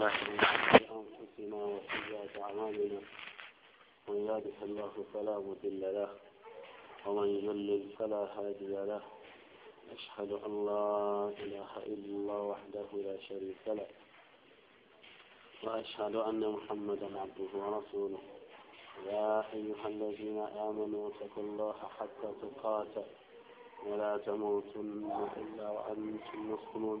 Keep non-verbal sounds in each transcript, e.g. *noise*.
الله أنفسنا وسيئات أعمالنا من يهده الله فلا مضل له ومن يضلل فلا هادي له أشهد أن لا إله إلا الله وحده لا شريك له وأشهد أن محمدا عبده ورسوله يا أيها الذين آمنوا اتقوا الله حتى تقاتل ولا تموتن إلا وأنتم مسلمون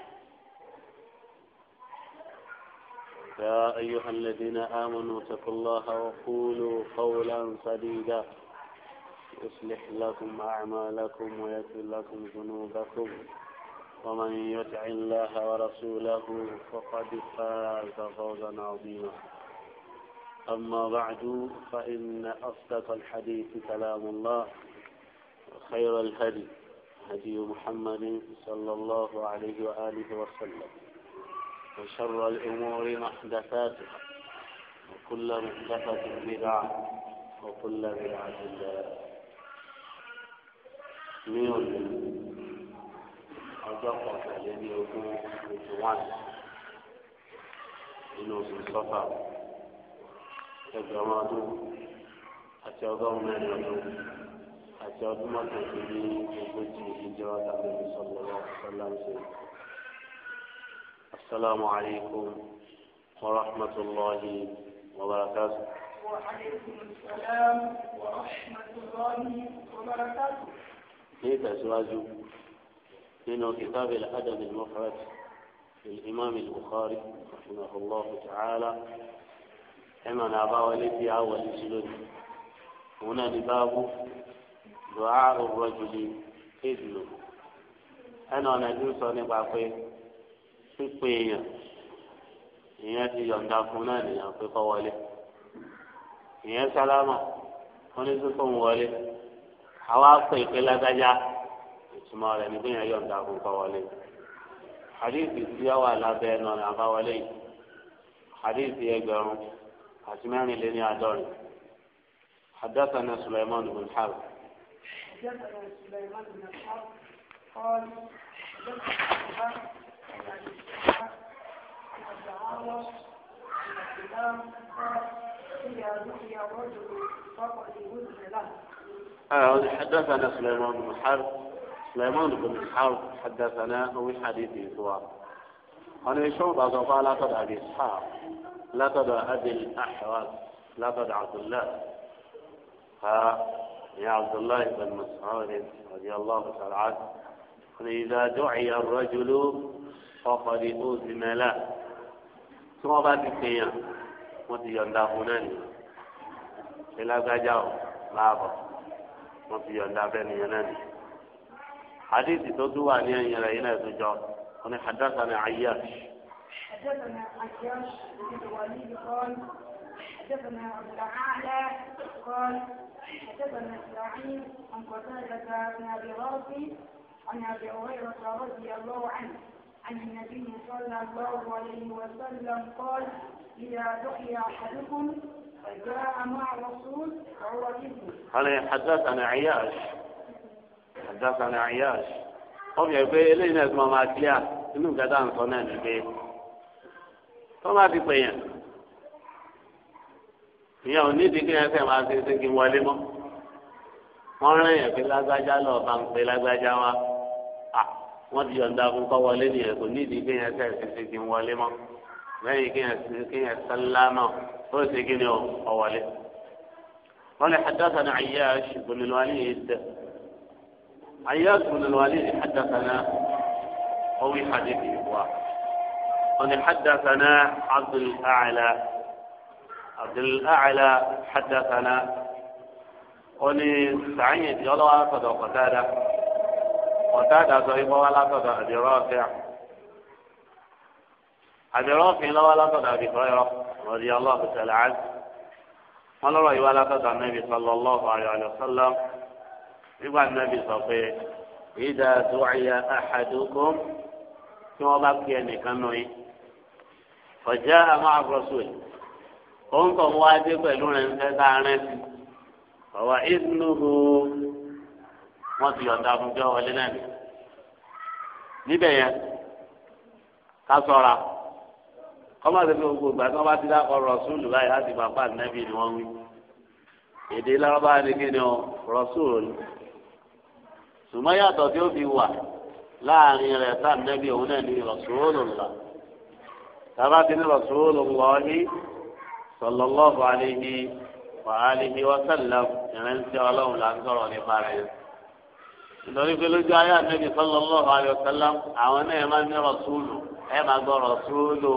يا أيها الذين آمنوا اتقوا الله وقولوا قولا سديدا يصلح لكم أعمالكم ويسر لكم ذنوبكم ومن يطع الله ورسوله فقد فاز فوزا عظيما أما بعد فإن أصدق الحديث كلام الله خير الهدي هدي محمد صلى الله عليه وآله وسلم وشر الأمور محدثاتها وكل محدثة بدعة وكل بدعة ضلالة ميول أضافك الذي يكون بجوان إنه في الصفا كجماد àti من mẹ́rin ọdún àti ọdún mọ́kànlélógójì ìjọba tàbí ìsọlọlọ sọlá ń ṣe. السلام عليكم ورحمة الله وبركاته وعليكم السلام ورحمة الله وبركاته كيف أزواجه من كتاب الأدب المفرد للإمام البخاري رحمه الله تعالى كما نعبا والدي أول سلوك هنا لباب دعاء الرجل إذنه أنا نجوس نبعقه pípé èèyàn ìyẹn ti yọ̀ǹda fún náà nìyẹn pé kọ́ wọlé ìyẹn sálámà wọn ní sísọ ń wọlé àwa pè é pé lágbájá ìtumọ̀ rẹ̀ ní bíyẹn yọ̀ǹda fún kọ́ wọlé hadithi tí a wà lábẹ́ ẹnu ọ̀nà yìí ẹgbẹ̀rún àti mẹ́rin lé ní àádọ́rin حدثنا سليمان بن حرب سليمان بن حرب حدثنا هو حديثه هو أنا يشوف هذا قال لا تدع أبي إسحاق لا تدع أبي الأحوال لا تدع عبد الله ها يا عبد الله بن مسعود رضي الله تعالى عنه إذا دعي الرجل ọkọ̀ di ó sì mẹ́lá tí wọ́n bá ti pèèyàn wọ́n ti yọ̀ǹda fún náà nìyẹn ìlágbájá ọ̀ láàbọ̀ wọ́n ti yọ̀ǹda fẹ́ nìyẹn náà nìyẹn. حديث تدوى أن ينير إلى تجار أنا حدثنا عياش حدثنا عياش بن الوليد قال حدثنا أبو الأعلى قال حدثنا إسماعيل عن قتادة بن أبي غاصب عن أبي هريرة رضي الله عنه عن النبي صلى الله عليه وسلم قال إذا دعي أحدكم فجاء مع رسول فهو هل حدثنا عياش حدثنا عياش ọmọ ẹgbẹ́ eléyìí náà gbọmọ akíyà inú gàdá nǹkan náà ní pé tọ́mọ àti pèèyàn ìyẹn ò nídìí kí ẹsẹ̀ máa ṣe ṣe kí wọlé mọ́ wọ́n rán yẹn pé lágbájá lọ́ọ́ bá ń pe lágbájá wa wọ́n ti yọ̀ǹda fún kọ́ wọlé nìyẹn kò ní ìdí kéèyàn ṣe ṣiṣẹ́ kí n wọlé mọ́ lẹ́yìn kéèyàn kéèyàn sálámà ó sì kí ni ọ wọlé. قال حدثنا عياش بن الوليد عياش بن الوليد حدثنا قوي حديث واحد قال حدثنا عبد الأعلى عبد الأعلى حدثنا قال سعيد يلا صدق قتاده ọ̀tádà sọ yìí wọ́n wá látọ̀dọ̀ àdìrọ́ ọ̀fẹ́ à. àdìrọ́ ọ̀fìn lọ́wọ́ látọ̀dọ̀ àdìrọ́ ẹ̀rọ rọ̀dí ọlọ́ọ̀fù tẹ̀lé á. wọ́n lọ́rọ̀ yìí wá látọ̀dọ̀ anábì sọlọ lọ́ọ̀fù ayọ̀lẹ̀ sọlọ. nígbà anábì sọ pé ìdá àtúwáyà àhàdúkọ́ tí wọ́n bá pè ẹnìkan nù yín. ọ̀já wọ́n ti yọ̀ǹda fún wọlé náà ni. níbẹ̀ yẹn ká sọ̀ra kọ́má tó gbogbo ìgbà tí wọ́n bá ti dákọ̀ rọ̀ṣúlù báyìí láti bàbá nẹ́bí ni wọ́n wí. èdè lárọ́bá ni kí ni ọ rọ̀ṣúlù ni. ṣùgbọ́n yàtọ̀ tí ó fi wà láàrin rẹ̀ tá nẹ́bí òun náà ni rọ̀ṣúlù ńlá. tàbá ti ní rọ̀ṣúlù ńlá ọ̀hín sallallahu alaihi wa alihi wa sallam ìrẹsì ọlọ́run là ń sọ̀rọ̀ nípa rẹ̀ ìtọ́jú pé lójú ayé àtẹ́bí sallallahu alaihi wasallam àwọn náà máa ní rọ̀súlù ẹ máa gbọ́ rọ̀súlù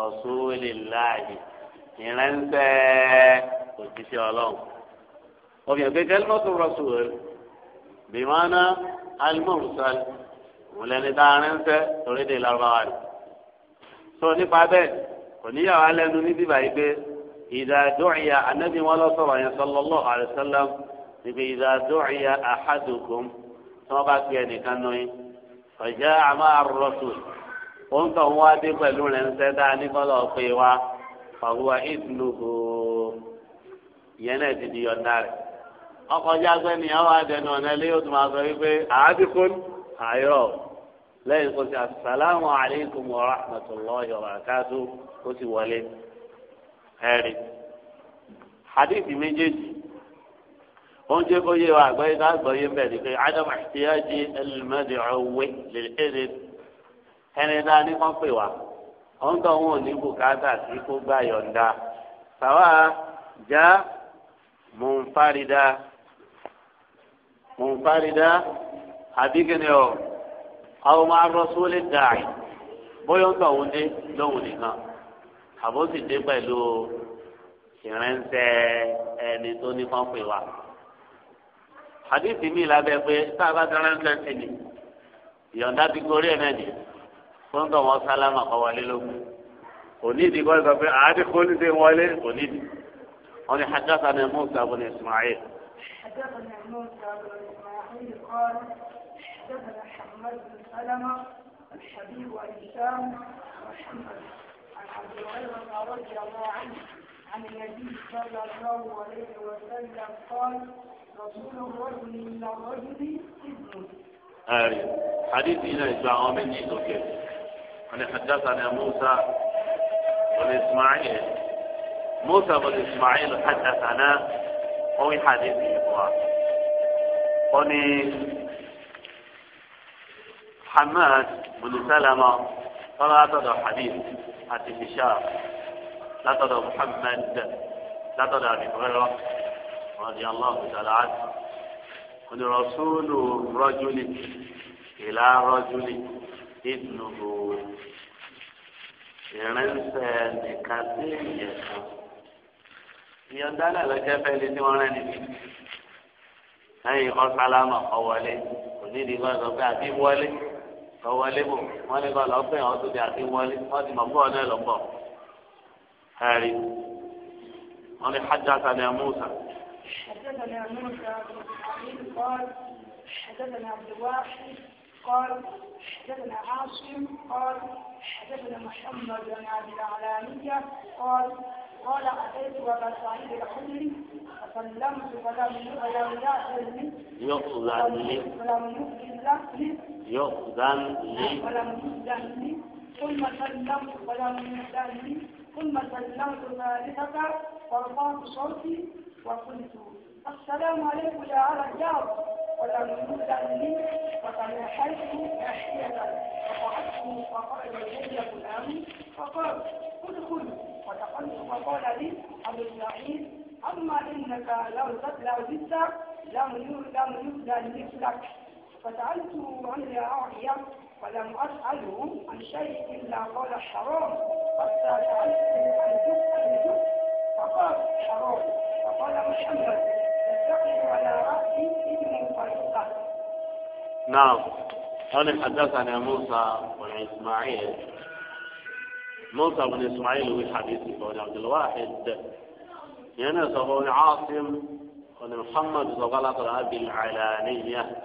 rọ̀súlìláàyè ìrẹ́nsẹ́ òjíṣẹ́ ọlọ́run. obìnrin pé kẹ́límọ́tò rọ̀súlù bìmọ́ná alimọ̀rùsálì òmùlẹ́ni tá a rẹ́nsẹ́ orílẹ̀ lárúbáwá rẹ̀. sọ nípa bẹ́ẹ̀ kò níyàwó alẹ́nu ní bíbá yìí pé ìdádọ́ọ̀yà ànábì wọn lọ tí wọ́n bá fi ẹnìkan nù yín ọ̀jẹ́ àmọ́ àrùrọ̀tù òun tó ń wá dé pẹ̀lú rẹ̀ ń sẹ́ dáa ní kọ́lọ̀ pé wa ọ̀hùwà ìdùnnú ìyẹn náà ti di yọ̀ǹda rẹ̀ ọkọ̀ jágbẹ́ ni àwọn àdẹnu ọ̀nà ilé yóò tún máa sọ wípé àádìkún àyọ̀ lẹ́yìn kó ti asàlámù alaykum wa rahmatulahi wa barakatuh kó ti wọlé ẹ̀rí hadith méjèèjì wọ́n jẹ́ kó yé wa àgbáyé náà àgbáyé mbẹ́ ni pé adam àtìyájí ẹlẹ́mẹ́dì ọ̀wé lèlẹ́dẹ́ ẹni náà ní wọ́n pè wá wọ́n tọ́ wọn ò ní bùkátà sí kó gbà yọ̀ǹda sàwa já mùnfàrídà mùnfàrídà àbíkẹ́ni ọ̀ àwọn ọmọ arọ́sọ́lẹ̀ dàì bóyá ń wọn dé lóhùn nìkan àbó sì dé pẹ̀lú ìrẹ́nsẹ̀ ẹni tó ní kàn pè wá hadithi mi labẹ pé tá a bá dáná ń tẹ̀sí ni ìyọ̀ǹda ti gorí ẹ̀ náà ni fún tọ̀ wọ́n sálámà kọ́ wọlé lókun kò ní ìdí gbọ́dọ̀ pé àádé kó ní ṣe wọlé kò wọn ni hajjata ni musa bin ismail. hajjata ni musa bin ismail kọ́ hajjata ni hamad bin salama الحبيب والإسلام محمد عن أبي هريرة رضي الله عنه عن النبي صلى الله عليه وسلم قال أي حديث هنا إسلام مني ذكر أنا حدثنا موسى والإسماعيل موسى والإسماعيل حدثنا هو حديث إخوان قني حماد بن سلمة فلا تدع حديث حديث هشام لا تدع محمد لا تدع أبي هريرة rọ́dí aláàbò tàlá àti onírọ̀sọ́lù rọ́júlì ìlà rọ́júlì ìdùnnú ìrìnsẹ̀ nìkan sí ìyẹn kan. ìyọ̀ǹda náà lọ́jọ́ fẹ́ lé tí wọ́n rẹ́ níbi. lẹ́yìn ọ̀sálámà ọ̀wọ́lé onídìí kan sọ pé àti wọlé ọ̀wọ́lé bò wọ́n ní kan lọ pé àwọn tó di àti wọlé wọ́n ti mọ̀ pé ọ̀nà ẹ̀ lọ́pọ̀. ẹ̀rí wọ́n ní hajj àtàlẹ́ Musa. حدثنا موسى بن قال حدثنا عبد الواحد قال حدثنا عاصم قال حدثنا محمد بن عبد العلانية قال قال أتيت أبا سعيد الخدري فسلمت فلم فلم يأذن لي يؤذن لي فلم يؤذن لي يؤذن لي فلم يؤذن لي ثم سلمت فلم يؤذن لي ثم سلمت ثالثة فرفعت صوتي وقلت السلام عليكم يا أهل الجار ولم يزل فتنحيت ناحية فقعدت فقال إلي الأمن فقال ادخل فدخلت فقال لي أبو إسماعيل أما إنك لو زدت لم لم يزل مثلك فسألته عن الأعية ولم أسأله عن شيء إلا قال حرام حتى سألته عن جزء فقال حرام نعم قال نعم. حدثنا موسى بن إسماعيل موسى بن إسماعيل هو حديث بن عبد الواحد ينسى بن عاصم بن محمد زغلط الابي العلانية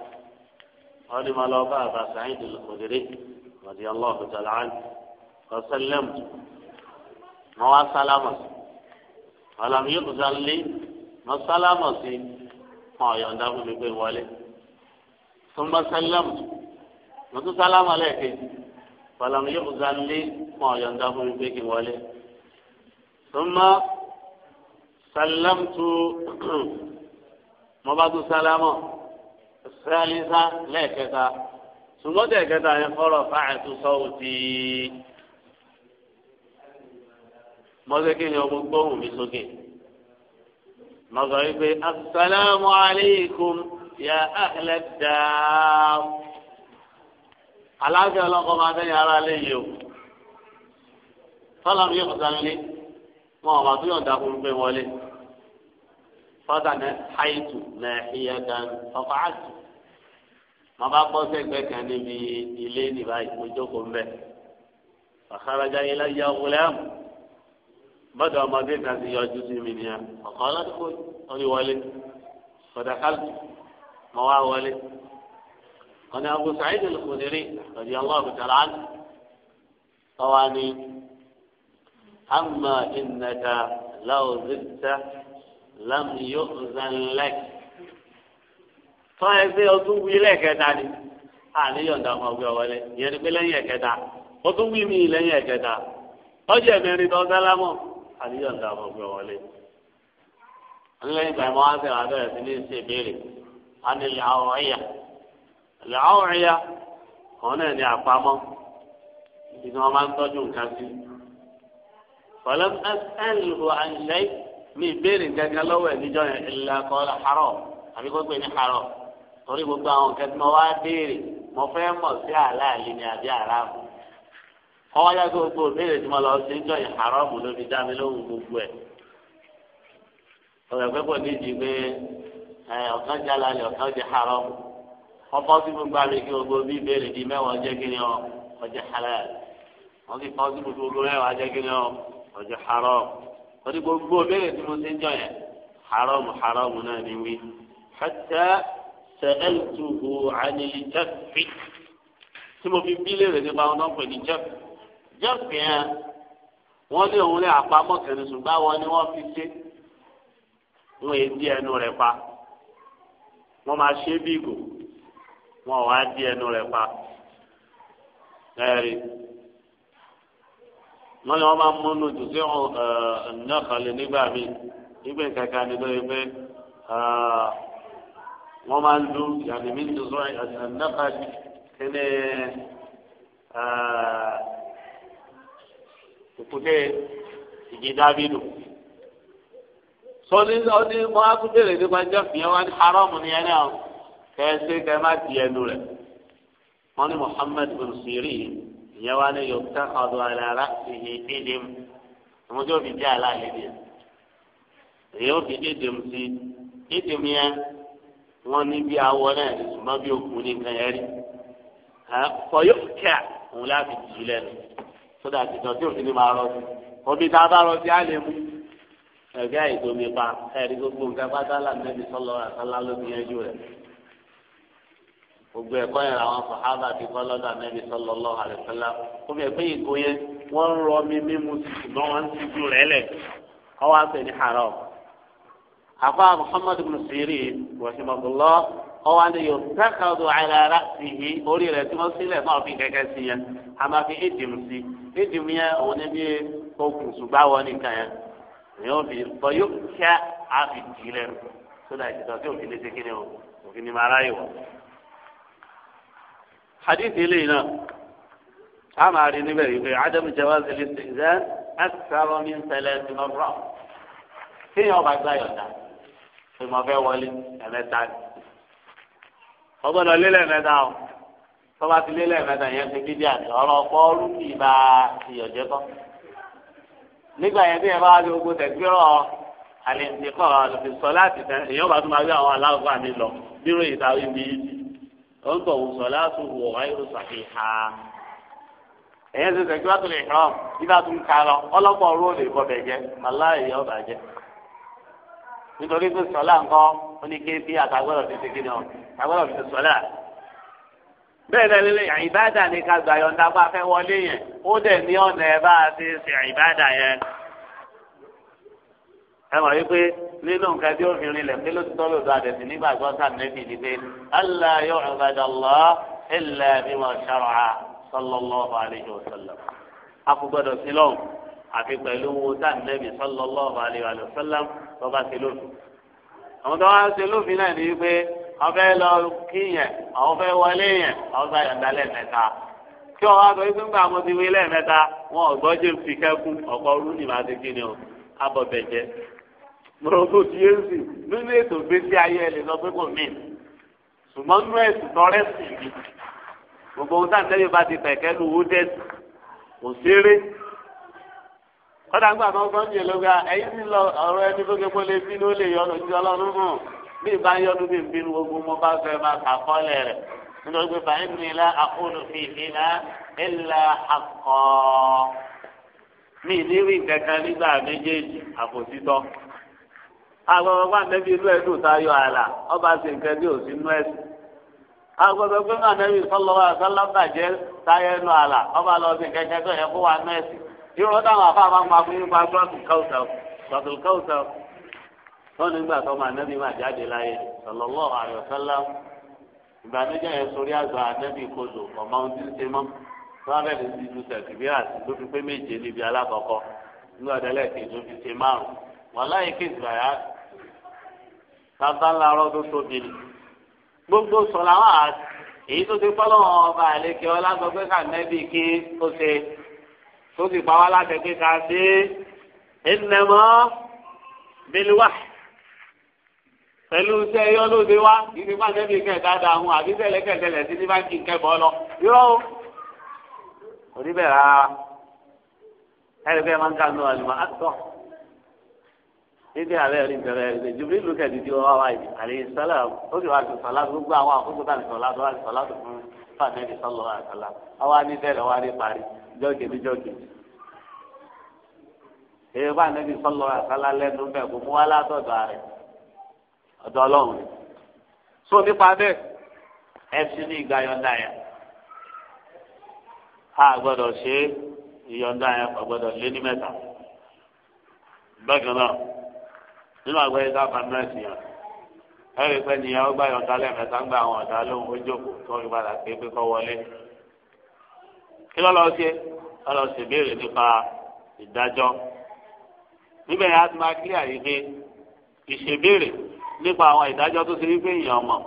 قال ما لو أبا سعيد الخدري رضي الله تعالى عنه فسلمت ما سلامت Alam yóò kó sáré lé mọ sálámọ sí mọ ọyọǹda fún mi pé wọlé tó ń bá sálámù mọ tó sálámù lẹ́ẹ̀kejì ọlọmọ yóò kó sáré lé mọ ọyọǹda fún mi pé kí wọlé tó tu bá sálámù tó mọ bá tó sálámù sálísá lẹ́ẹ̀kẹta ṣùgbọ́n tẹ̀kẹta yẹn fọ́rọ̀ fáàtú sọ́wọ́ tìí mọ́sẹ́kì ni ọmọ gbọ́hùn mi sókè mọ́sọ̀ yìí pé asalaamu aleykum ya ahlẹ̀ dáa aláàfin ọlọ́kọ̀ máa bẹ́yìn ara lé yìí o sọlá mi yóò sáré lé wọn àwọn àtúnyọ̀ ń dàkún pé wọlé fọ́tà ní haitu ní ẹ̀yẹ dan ọkọ̀ àti mo bá bọ́ sẹ́gbẹ́ kan níbi ilé nìbáyìí mo jókòó ń bẹ̀ ọ̀kárajà ilé yà wúlẹ́ mu bọ́dọ̀ ọmọdé kan ti yọjú sí mi nìyà ọ̀kan ọlọ́dúnkò orí wọlé kọ̀dà kálù mọ́ wá wọlé. ọ̀nà Abu Sa'id al-Khudri ọ̀dì ọlọ́ọ̀bù tẹ̀lá ní ọwọ́ ni amma innaka law zidta lam yu'zan lak. tọ́ ẹ sí ọdún wí lẹ́ẹ̀kẹta ni àníyàn dàmọ́ ọgbẹ́ wọlé ìyẹn ni pé lẹ́yìn ẹ̀kẹta ọdún wí mi lẹ́yìn ẹ̀kẹta ọjọ́ ẹ̀mẹ́rin tó sálámọ̀ àníyàn dà mọ́ gbé wọlé. nílẹ̀ ìgbà ìmọ̀ wá sẹ́wọ̀n abẹ́rẹ́ sí ní ṣe ìbéèrè a ní làwọ̀ọ́yà làwọ̀ọ́yà òun náà ní àpamọ́ ibi tí wọ́n máa ń tọ́jú nǹkan sí. pẹ̀lú ẹ̀ẹ́lù àǹṣẹ́ mi ìbéèrè gẹ́gẹ́ lọ́wọ́ ẹ̀ níjọ́ yẹn ìlà àbí kó pè ní harọ́ torí gbogbo àwọn nǹkan wá béèrè mo fẹ́ mọ̀ sí àlàálí ni àbí àràmù ọwọ́ yá gbogbo béèrè tí mo lọ sí ń jọ ìhàrọ́ọ̀mù ló fi dá mi lóhùn gbogbo ẹ̀. ọ̀rẹ́ pẹ́pọ̀ níjì pé ọ̀kan jẹ́ alálẹ̀ ọ̀kan jẹ́ hàrọ́ọ̀mù. ọkọ tí mo gbà mí kí gbogbo bí béèrè di mẹ́wàá jẹ́ kí ni ọ ọjẹ́ halal. wọ́n ti kọ́ sí mo gbogbo mẹ́wàá jẹ́ kí ni ọ ọjẹ́ hàrọ́ọ̀mù. wọ́n gbogbo béèrè tí mo ti ń jọ yẹn hàrọ́ọ̀mù hàrọ́ọ̀mù náà ni wí. hatta sa'altuhu 'an al-jaff tí mo fi bí léèrè nípa ọ̀nà pẹ̀lú jẹ́pì jẹ́pì yẹn wọ́n lé òun lé àpamọ́ kẹrin ṣùgbọ́n àwọn ni wọ́n fi ṣe wọ́n yé di ẹnu rẹ̀ pa wọ́n máa ṣe bí ìgò wọ́n wá di ẹnu rẹ̀ pa ẹ̀rí wọ́n ní wọ́n máa múnú jù sí ọ̀nà kan lè nígbà míì nígbà kankan ni lóye pé wọ́n máa ń lu yàrá mi jù sọ ọ̀nà kan kí ni òkúté ìjì dábìlù sọdí ọdí mọ akúndèrè nípa jẹ fìyẹn wá ní haramu ní ẹni àwọn kẹsí kẹ má di ẹnu rẹ wọn ní Muhammad bin Sirin ìyẹn wá ní yorùbá ọdún alára ìyẹn ìdílé mu àwọn tó aláàlẹ ni èyí ó fi sí dídè yẹn wọn ní bí awọ náà ní bí òkú ní nǹkan yẹn rí fọyọ́ kíá òun láti jù lẹ́nu sódà àtijọ́ tí òfin ni máa rọ sí omi tá a bá rọ sí á lè mú ẹgbẹ́ àìsàn omi pa ẹ̀rí gbogbo nǹkan pátá làǹdẹ́bí sọ́lọ́ àtàlá ló fi yanjú rẹ̀ gbogbo ẹ̀kọ́ yẹn làwọn sàhábà ti kọ́ lọ́dọ̀ ànábì sallallahu alaihi wasallam ó fi ẹ̀pẹ́ ìgò yẹn wọ́n ń rọ mi mímu ṣùgbọ́n wọ́n ti ju rẹ̀ lẹ̀ ọwọ́ àpẹ ní haram. àfa Muhammad bin Sirin rahimahullah ọwọ́ ni yóò tẹ́kọ̀ọ́dù àìlára sí i orí rẹ̀ tí wọ́n sílẹ̀ náà fi kẹ̀kẹ́ sí yẹn a máa fi édìmù sí édìmù yẹn òun ní bí okùn ṣùgbọ́n àwọn nìkan yẹn èèyàn fi bọ́ yóò kíá á fi dì í lẹ́nu sódà ìṣèjọ tí òfin lè ṣe kíni o òfin ni màá ráyè wọ̀. hadith eléyìí náà a máa rí níbẹ̀ yìí pé ádámù jẹ́wọ́ sílẹ̀ ṣèǹzẹ́ ẹ̀sìtàrọ̀ ní sẹlẹ̀ ti mọ̀ fúlọ̀ kéèyàn gbá yọ̀ǹda pé fẹ́ wọlé ẹ̀mẹ́ta ni ọgbọ́dọ̀ lélẹ̀ mẹ́ta o tọ́ba ti lélẹ̀ mẹ́ta yẹn ti bí díà ọ̀rọ̀ bọ́ọ̀lù kì í bá ìyọ̀jẹ́ kọ́ nígbà yẹn tí yẹn bá wá sí gbogbo tẹ̀síọ́ àlè ìdíkọ̀ àlùfíìsọ láti tẹ̀ èyàn bá tún máa gbé àwọn aláwọ̀ àmì lọ bírò ìtàwé mi yìí ó ń tọ̀ wùsọ̀ láti wọ̀ ayélu sàkíhà èyàn ti tẹ̀síọ́ tó lè hàn ibà tún ká lọ ọlọ́pọ̀ ọ̀rọ̀ ò lè bọ̀ bẹ̀jẹ̀ màláyé ọ̀bàjẹ́ nítorí pé sọlá nǹkan ó ní ké àtàgbọ́dọ̀ ti ṣe kí ni ọ̀hún àgbọ̀dọ̀ fi sọ́lá bẹ́ẹ̀ náà lélẹ̀ ìbáàdà ni ká gbà yọ̀ǹda bá fẹ́ wọlé yẹn ó dẹ̀ ní ọ̀nà ẹ̀ bá a ti ṣe ìbáàdà yẹn. ẹ mọ̀ wípé nínú nǹkan tí ó fi rinlẹ̀ pé ló ti tọ́ lòdù àdẹ̀sí nígbà tó ń sàn nẹ́bì ni pé allah yóò ọ̀gbàdà lọ ilẹ̀ bí wọ́n ṣàrọ̀ à sallallahu alaihi a kò gbọdọ̀ sí lọ́wọ́ àfi pẹ̀lú wo sàn nẹ́bì sallallahu alaihi wasallam tó bá ṣe lófin. àwọn tó wá ṣe lófin náà ni wípé ọfẹ lọ kíyẹn àwọn fẹ wọlé yẹn àwọn fẹ yọ̀ǹda lẹ́ẹ̀mẹ́ta kí wọn wá sọ wípé ńgbà mo ti wí lẹ́ẹ̀mẹ́ta wọn ò gbọ́dọ̀ fi kẹ́kùn ọ̀pọ̀ ọdún ní màá ti kí ni o abọ̀bẹ̀ jẹ. mọ̀rọ̀kọ ti yé sí nínú ètò ìgbésí ayé ẹ lè sọ pé kò mí ṣùgbọ́n nínú ẹ̀sìn tọrẹ́ sì ni gbogbo ohun táwọn tẹ́lẹ̀ bá ti pẹ̀kẹ́ lu owó dẹ́sì kò ṣeré. kọ́dà ńgbà tó ń sọ bí ìbá yọdún bí nbínú gbogbo mo bá fẹ́ máa kà kọ́lẹ̀ rẹ̀ nítorí pé báyìí ní ilá àkóònù fi ìlà ìlà àkọ́ mi ìdírí kankan nígbà méjèèjì àbòsítọ́ agbọ̀dọ̀ pé ànẹ́bí inú ẹ̀ dùn táyọ àlà ọba sì nǹkan bí òsì inú ẹ̀sìn agbọ̀dọ̀ pé ànẹ́bí sọlọ́wọ́ àtọ́lá bàjẹ́ táyọ ẹnu àlà ọba lọ sí kẹ̀kẹ́ tó yẹ kó wà nú irun táwọn afáàmà fún yín wọn nígbà tó máa nẹbi máa jáde láyé sallallahu alaihi wasallam ìgbàdéjà yẹn sórí àgbà nẹbi kodò ọmọ ohun tí ń ṣe mọ tó abẹ ní ti ju sẹkìbíà ló fi pé méje níbi alákọọkọ nígbà tẹ́lẹ̀ kejì ló fi ṣe márùn wọn láyé kejì bàyà sábà ńlárọ tó tóbi ni gbogbo sọlá wà á èyí tó ti pọlọ ọba àlekè ọlágbọgbẹ ká nẹbi kí ó ṣe tó ti pa wá látẹgbẹ ká dé ẹnẹmọ bílíwáì pẹ̀lú iṣẹ́ yọ lóde wá ìdí máa tẹ́bi kẹ́ dáadáa hun àbí tẹ́lẹ̀ kẹ́tẹ́lẹ̀ sí ní báńkì kẹ́bọ̀ lọ yọ o oníbẹ̀ rárá ẹ̀rí bẹ́ẹ̀ máa ń kánú àlùmọ́ àtọ̀ níbi àbẹ́ rí bẹ̀rẹ̀ ẹ̀ jùlọ ìlú kẹ́ẹ̀dì tí wọ́n wá yìí àlè sọ́lá ó sì wá sí gbogbo àwọn àkókò tá à tó wá sí sọ́lá tó fún fàtẹ́ẹ̀dì ọ̀dọ̀ ọlọ́run so nípa bẹ́ẹ̀ ẹ ti ní ìgbà yọ̀ǹda yẹn a gbọ́dọ̀ ṣe ìyọ̀ǹda yẹn kò gbọ́dọ̀ lé ní mẹ́ta bákan náà nínú àgbáyé dábà nọ́ọ̀sì yẹn ẹ̀rí pé nìyẹn ó gbà yọ̀ǹda lẹ́ẹ̀mẹ́ta ń gba àwọn ọ̀dà lóhùn ó jókòó tó ń padà pé pé kọ́ wọlé kí ló lọ ṣe ló lọ ṣe béèrè nípa ìdájọ́ níbẹ̀ yẹn a ti máa kílíà yìí pé ìṣèbéèrè. nípa àwọn ìdájọ́ tó ṣe wípé èèyàn mọ̀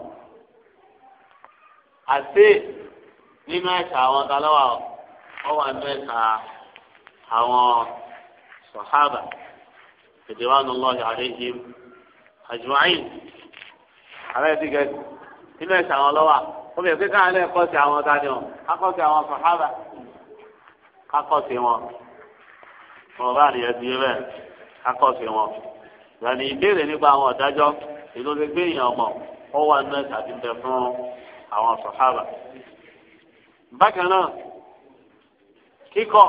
àti nínú ẹ̀ka àwọn talọ́wà ọ wà nínú ẹ̀ka àwọn sọ̀hábà ìdíwánu lọ́ọ̀yà àríyìn àjùmáyìn ààrẹ nínú ẹ̀ka àwọn lọ́wà ó bẹ̀rẹ̀ pé káwọn náà kọ́sí àwọn tani ọ̀ kákọ́sí àwọn sọ̀hábà kákọ́sí wọn wọn bá nìyẹn ti bẹ́ẹ̀ wọn ìbéèrè nípa àwọn ọ̀dájọ́. èdè ọ̀sẹ̀ gbé èèyàn mọ̀ ọ wà ní ẹ̀ka ti bẹ fún àwọn sọ̀hábà. bákan náà kíkọ́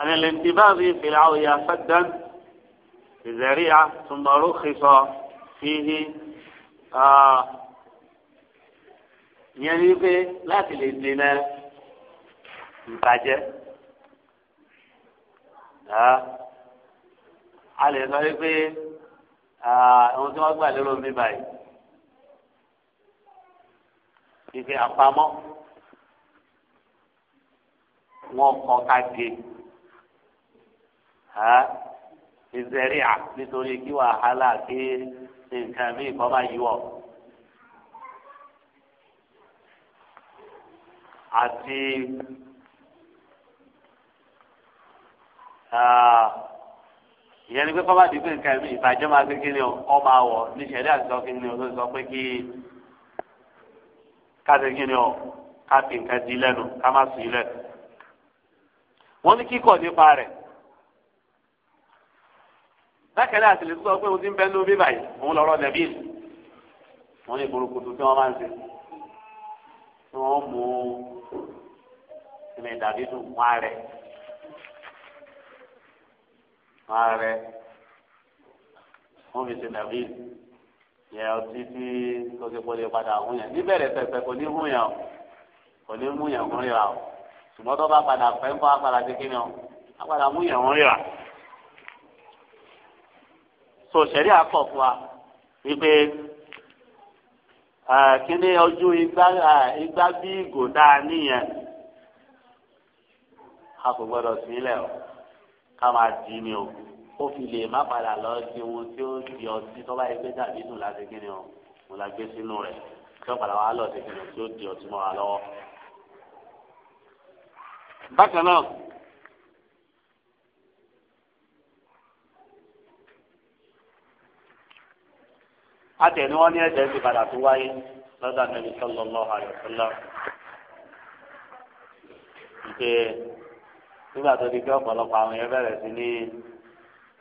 àlẹ́lẹ́ntìbáàbí ìfìlà òye àfẹ́dán ìzẹ̀ríà tùmọ̀rú kìsọ fìhí ìyẹn ni pé láti lè dènà ìbàjẹ́ a lè sọ pé. Ah, àwọn tí wọ́n gbà lérò mi báyìí fífi àpamọ́ wọn kọ́ ká ha, ìzẹ̀rí à nítorí kí wàhálà kí nǹkan mi kọ́ máa yíwọ́. àti ah, ìyẹn ni pé kọ́ba ti pé nǹkan ẹ̀mí ìbàjẹ́ máa fi kíni ọ máa wọ̀ ní ṣẹ̀lẹ́ àtijọ́ kíni ọ ló sọ pé kí káṣe kíni ọ ká fi nǹkan di lẹ́nu ká má sùn ilẹ̀. wọ́n ní kíkọ̀ nípa rẹ̀ bákẹ́lẹ́ àti lè sọ pé mo ti ń bẹ́ ní omi báyìí òun lọ́rọ́ nẹ̀bí wọ́n ní burúkutu tí wọ́n máa ń ṣe wọ́n mú ilẹ̀ dùn wọ́n á rẹ̀ máa rẹ fi ṣe nàbí yẹn ọtí tí tó ṣe padà hún yẹn níbẹ̀rẹ̀ pẹ̀pẹ̀ kò ní hún yẹn o kò ní mú yẹn hún o ṣùgbọ́n tó bá padà fẹ́ ń bọ́ apàdà ti kí ni o apàdà mú yẹn hún so ṣẹ̀rí àkọ́ fún wa wípé kíní ojú igbá bí ìgò dáa a kò gbọ́dọ̀ sílẹ̀ o ká máa dì o o ó fi lè má padà lọ sí ohun tí ó di ọtí tó bá yẹ pé dàbí dùn láti kí ni o mo la gbé sínú rẹ̀ tí ó padà wá lọ sí kí ni o tí ó di ọtí mọ́ra lọ́wọ́. bákan náà. àtẹ̀ni wọn ní ẹ̀jẹ̀ ti padà tó wáyé lọ́dọ̀ Ànábì sallallahu alaihi wasallam. ìpè nígbà tó di pé ọ̀pọ̀lọpọ̀ àwọn yẹn bẹ̀rẹ̀ sí ní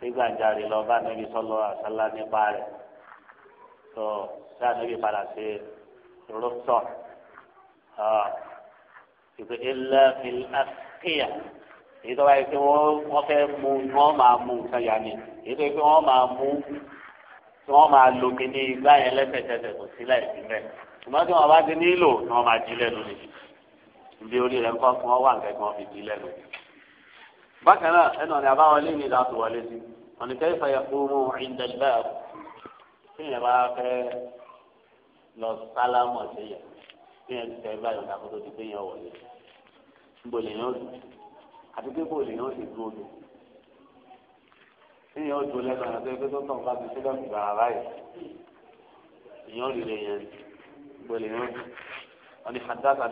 nígbàjáre lọ bá níbi sọlọ àṣálá nípa rẹ̀ tó sáà níbi padà sí rúptọ̀ ìpè ilẹ̀ ìlàkìyà èyí tó báyìí pé wọ́n fẹ́ mú wọ́n máa mú nǹkan yà ni èyí tó yẹ pé wọ́n máa mú tí wọ́n máa lo kíní igbá yẹn lẹ́sẹ̀kẹsẹ̀ kò sí láìsí bẹ́ẹ̀ tí wọ́n bá ti nílò ni wọ́n máa jí lẹ́nu ni ibi orí rẹ̀ ń kọ́ fún ọ wà nǹkan kan fi jí lẹ́nu ni bákan náà ẹnu ọ̀nà àbáwọlé ni láti wọlé sí ọ̀nà kẹ́ ìfàyà kúrú ìdẹ̀lẹ́ fíyẹn bá fẹ́ lọ sálámọ̀ síyẹn fíyẹn ti tẹ̀ báyọ̀ dàkótó ti gbé yẹn wọlé níbo lèyàn ó dùn àti pé bó lèyàn ó sì dúró dùn fíyẹn ó dùn lẹ́nu ọ̀nà tó tó tàn bá ti sílẹ̀ kù gbàrà báyìí èèyàn ò lè lè yẹn níbo lèyàn ó dùn ọ̀nà ìfàdásà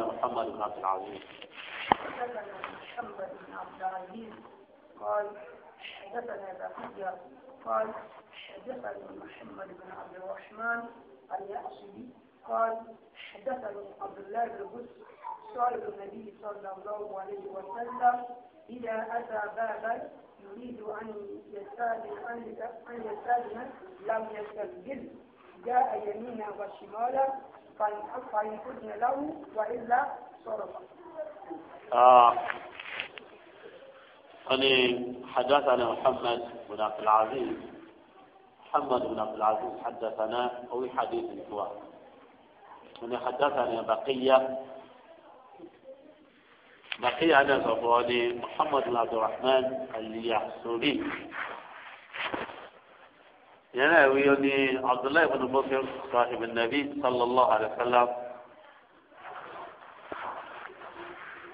حدثنا محمد بن عبد العزيز قال حدثنا بقية قال حدثني محمد بن عبد الرحمن اليأسبي قال حدثني عبد الله بن بس صاحب النبي صلى الله عليه وسلم إذا أتى بابا يريد أن يستأذن أن يستأذن لم يستقبل جاء يمينا وشمالا فإن أذن له وإلا صرف آه. أني حدثنا محمد بن عبد العزيز محمد بن عبد العزيز حدثنا أو حديث هو أني حدثنا بقية بقية أنا صفواني محمد بن عبد الرحمن اليحسوني يناوي يعني عبد الله بن مسلم صاحب النبي صلى الله عليه وسلم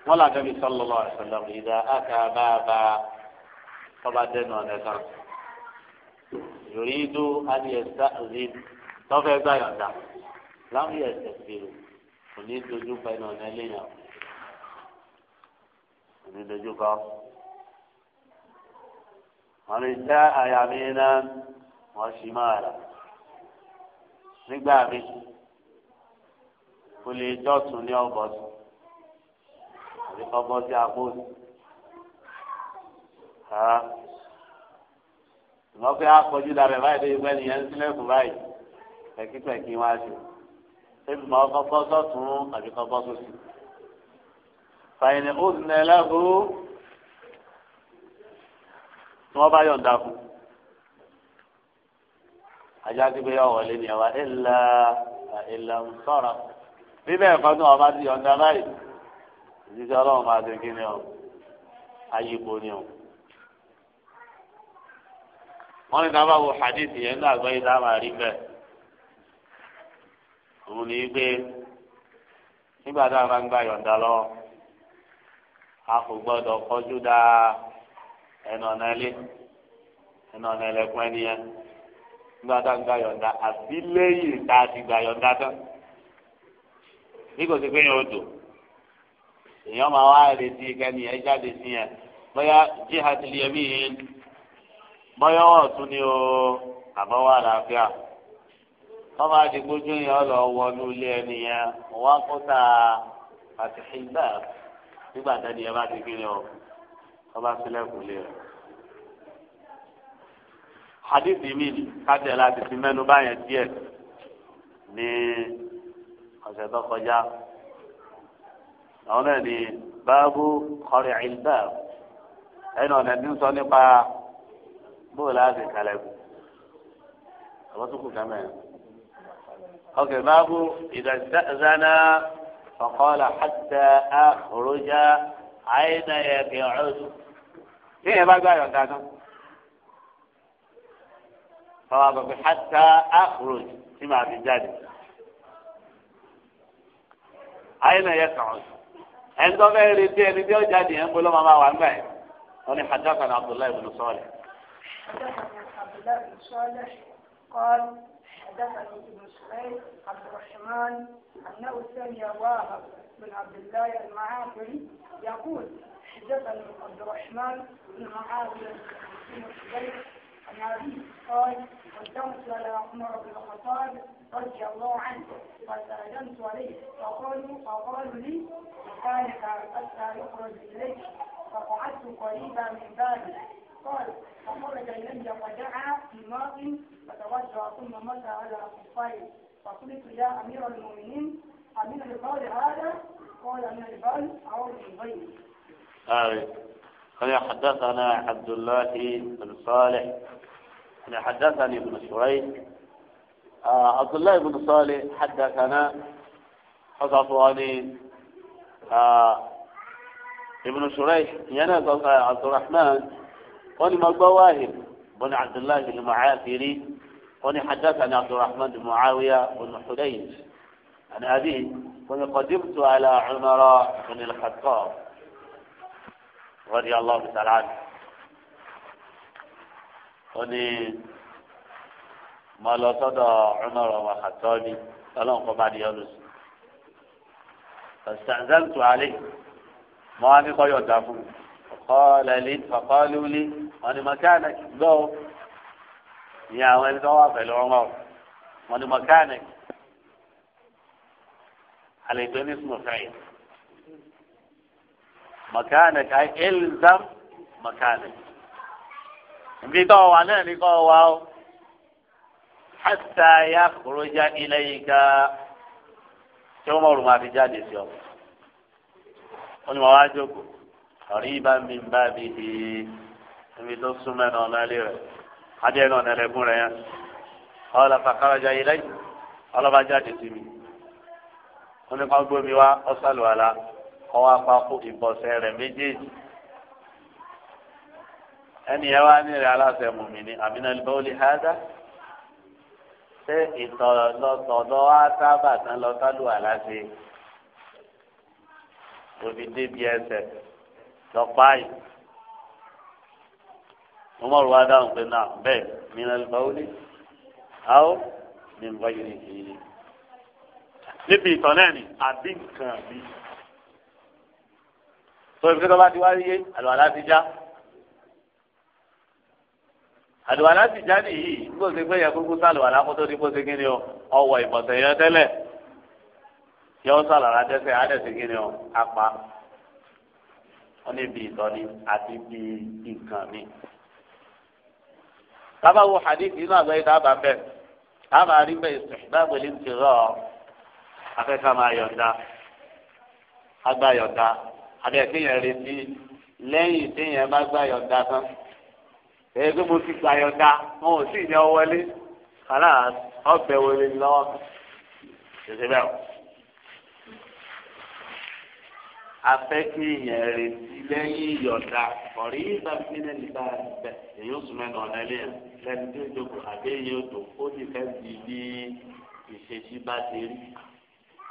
wọn là nàbí sallallahu alaihi wasallam ìdá àká bàbà tọba dẹnu ọdẹ kan yòrídú aliẹsà zin tọfẹ gbà yọ̀ǹda láwọn ẹsẹ bìrù kò ní dojú pa iná ọdẹ léyàn kò dojú pa wọn lè já àyàmí náà wọn sì máa rà nígbà mi kò lè dọ̀tún ní ọgbọ̀n àbí kọ́bọ́ sí agbóni. ṣùgbọ́n pé akọjú darẹ̀ báyìí lóye pẹ́ nìyẹn ń sílẹ̀kùn báyìí pẹ̀kípẹ̀kí wá sí i. ebi ma ọkọ bọ́ sọ́tún àbí kọ́ bọ́ sósì. fàyìnì ó sì nà ẹlẹ́hu tí wọ́n bá yọ̀ǹda fún. ajá ti gbé yọ̀ ni ẹ̀ ẹ̀ la ẹ̀ la ń sọ̀rọ̀ bíbẹ̀ ẹ̀kọ́ tí wọ́n bá ti yọ̀ǹda báyìí. ìdíje ọlọ́run máa ṣe kí ni ọ ni ọ. wọ́n ní dábàá wo hadith yẹn ní àgbáyé dáhùn ma bẹ́ẹ̀. òun ní gbé nígbà tá a máa ń gba yọ̀ǹda lọ a kò gbọ́dọ̀ kọjú dá ẹnu ọ̀nà ilé nígbà tá a ń gba yọ̀ǹda àbí lẹ́yìn tá a ti èèyàn máa wá retí kẹ́ni ẹ jáde sí yẹn bóyá jihad lèmi yìí bóyá ọ̀tún ni o àbọ̀wọ́ àlàáfíà wọ́n máa di gbójú yẹn lọ wọnú ilé ẹni yẹn wọ́n á kóta àti ìgbà nígbà tẹ́ni ẹ bá ti kiri o wọ́n bá sílẹ̀kùn lé rẹ̀. hadithi mi kájẹ láti fi mẹ́nu báyẹn díẹ̀ ní ọ̀sẹ̀ tó kọjá àwọn náà ni báàbù kọrin àìlbà ẹnu ọ̀nà ní sọ nípa bóòlù láti kalẹ̀ kù àwọn tó kù ká mẹ́rin. ok báàbù ìdàzánà fọkànlá hàtà àkùrọ̀jà àìnà ẹ̀kẹ́ ọ̀dù. bí ẹ bá gbà yọ̀ ká fọwọ́ àgbẹ̀ hàtà àkùrọ̀jà tí màá fi jáde. àìnà ẹ̀kẹ́ ọ̀dù ẹni tó fẹ́ retí ẹni tí ó jáde yẹn ń bolo máa wà ńgbà yẹn wọn ni عبد الله بن salih. قال حدثني ابن سعيد عبد الرحمن انه سمع واهب بن عبد الله المعافري يقول حدثني عبد الرحمن بن معافر بن عن أبي قال قدمت على عمر بن الخطاب رضي الله عنه فسلمت عليه فقالوا فقالوا لي مكانك حتى يخرج إليك فقعدت قريبا من بابه قال فخرج إلي ودعا في ماء فتوجه ثم مشى على خفيه فقلت يا أمير المؤمنين أمن البال هذا قال من البال أو من غيره. آه. قال حدثنا عبد الله بن صالح قال حدثني ابن شريك عبد الله بن صالح حدثنا حصفواني آه ابن شريح ينا عبد الرحمن قال مقواهم بن عبد الله المعافري قال حدثني عبد الرحمن بن معاوية بن حديث عن أبيه قال قدمت على عمر بن الخطاب rọ́dí ọlọ́ọ̀bù sàlámì ó ní mo lọ sọ́dọ̀ Umar ọmọ àtọ́ni ọlọ́run kọ́ bá di ọ́ lóṣù ọ̀sánzẹ́ntù alẹ́ mo wá ní kọ́ yọ̀dá fún mi ọ̀kọ́lẹ́lẹ́ lé wọn ni mọ̀kánẹ̀ gbọ́ ní àwọn ẹni tó wà pẹ̀lú ọmọ wọn ni mọ̀kánẹ̀ alẹ́ tó ní sùn fẹ́yìn. mọ̀kánìkì àì ẹ̀lzám mọ̀kánìkì. Ibi tó wà náà ni kò ya kúròjà ilẹ̀ yìí ká tí ọ. Wọ́n ní wọ́n wá jókòó. Ọ̀rí ibà mi ń bá mi di ibi tó súnmọ́ ẹ̀ náà ọwọ́ apákó ìbọ̀sẹ̀ rẹ̀ méjèèjì ẹni ẹ wá ní rẹ̀ aláṣẹ mùmí ni àmínà lọ́ọ̀lì hádà ṣé ìtọ̀lọ́tọ̀dọ́ á sábà tán lọ sálù aláṣẹ òbí débi ẹsẹ̀ lọ́pàáyì mo mọ̀ rúwa dáhùn pé náà bẹ́ẹ̀ àmínà lọ́ọ̀lì áó ní nǹkan yìí nìyí níbi ìtọ̀ náà ni àbí nǹkan bíi tó ìfẹ́ tó bá ti wáyé àlùwàlá ti já àlùwàlá ti já nìyí nígbà tó gbé yẹn kúkú sàlùwàlá kó tó di kó segin ni o ọwọ́ ìbọ̀sẹ̀ yẹn tẹ́lẹ̀ yọ sàlùwàlá dẹ́sẹ̀ àdẹ̀sẹ̀ gini o apá wọn ní bí ìtọ́ni àti bí nǹkan mi. tábà wo hadith inú àgbáyé tábà bẹ́ẹ̀ tábà rí bẹ́ẹ̀ ìsìnkú akẹ́kọ̀ọ́ máa yọ̀ǹda agbá yọ̀ǹda àti ẹ̀kẹ́yìn retí lẹ́yìn téèyàn bá gbà yọ̀ǹda tán èyí tó mo ti gbà yọ̀ǹda wọn ò sì yọ wọlé kàlá ọbẹ̀ wọlé lọ́wọ́ ṣèṣe bẹ́ẹ̀ o. afẹ́kẹ́yìn retí lẹ́yìn yọ̀ǹda ọ̀rí bá fi ní nípa bẹ̀ èyí ó sùn mẹ́nu ọ̀nà ilé lẹ́nu tó jókòó àbí èyí ó tó ó ti fẹ́ di bí ìṣesí bá ti rí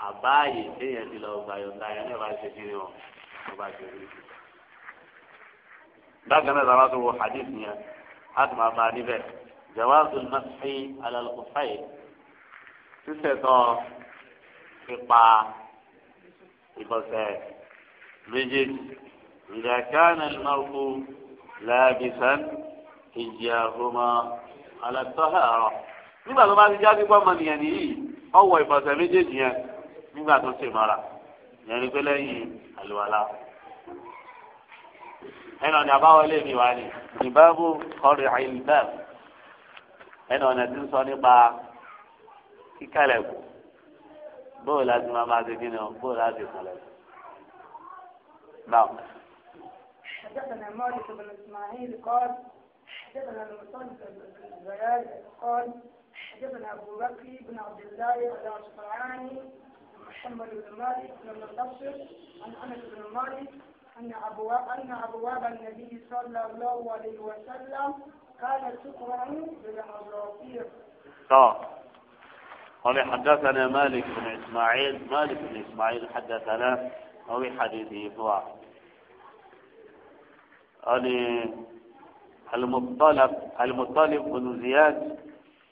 àbáàyè téèyàn ti lọ gbà yọ̀ǹda yẹn náà bá ṣe ni wọn. هذا هو حديثنا حد ما طالبه جواز المسح على القفين تسيطو فقا يقول سيد مجد إذا كان المرض لابسا إجاهما على الطهارة لما لما تجاهد يقول من يعني هو يقول سيد مجد يعني لما تنسي مرة يعني قلعين àlùwàlà ẹnà ní abáwọlé mi wà ní ìbáàbò kọrì àìlbẹ́ẹ̀ ẹnà ọ̀nà tí ń sọ nípa kíkàlẹ̀kù bóò láti máa máa segin ni bóò láti kàlẹ̀kù. نعم حدثنا مالك بن اسماعيل قال حدثنا المصنف بن قال حدثنا ابو بكر بن عبد الله الاشفعاني محمد بن مالك لما مدبر عن انس بن مالك ان ابواب ان ابواب النبي صلى الله عليه وسلم كانت تقرا بالعصافير. طيب. قال حدثنا مالك بن اسماعيل مالك بن اسماعيل حدثنا او حديثه هو قال المطلب المطلب بن زياد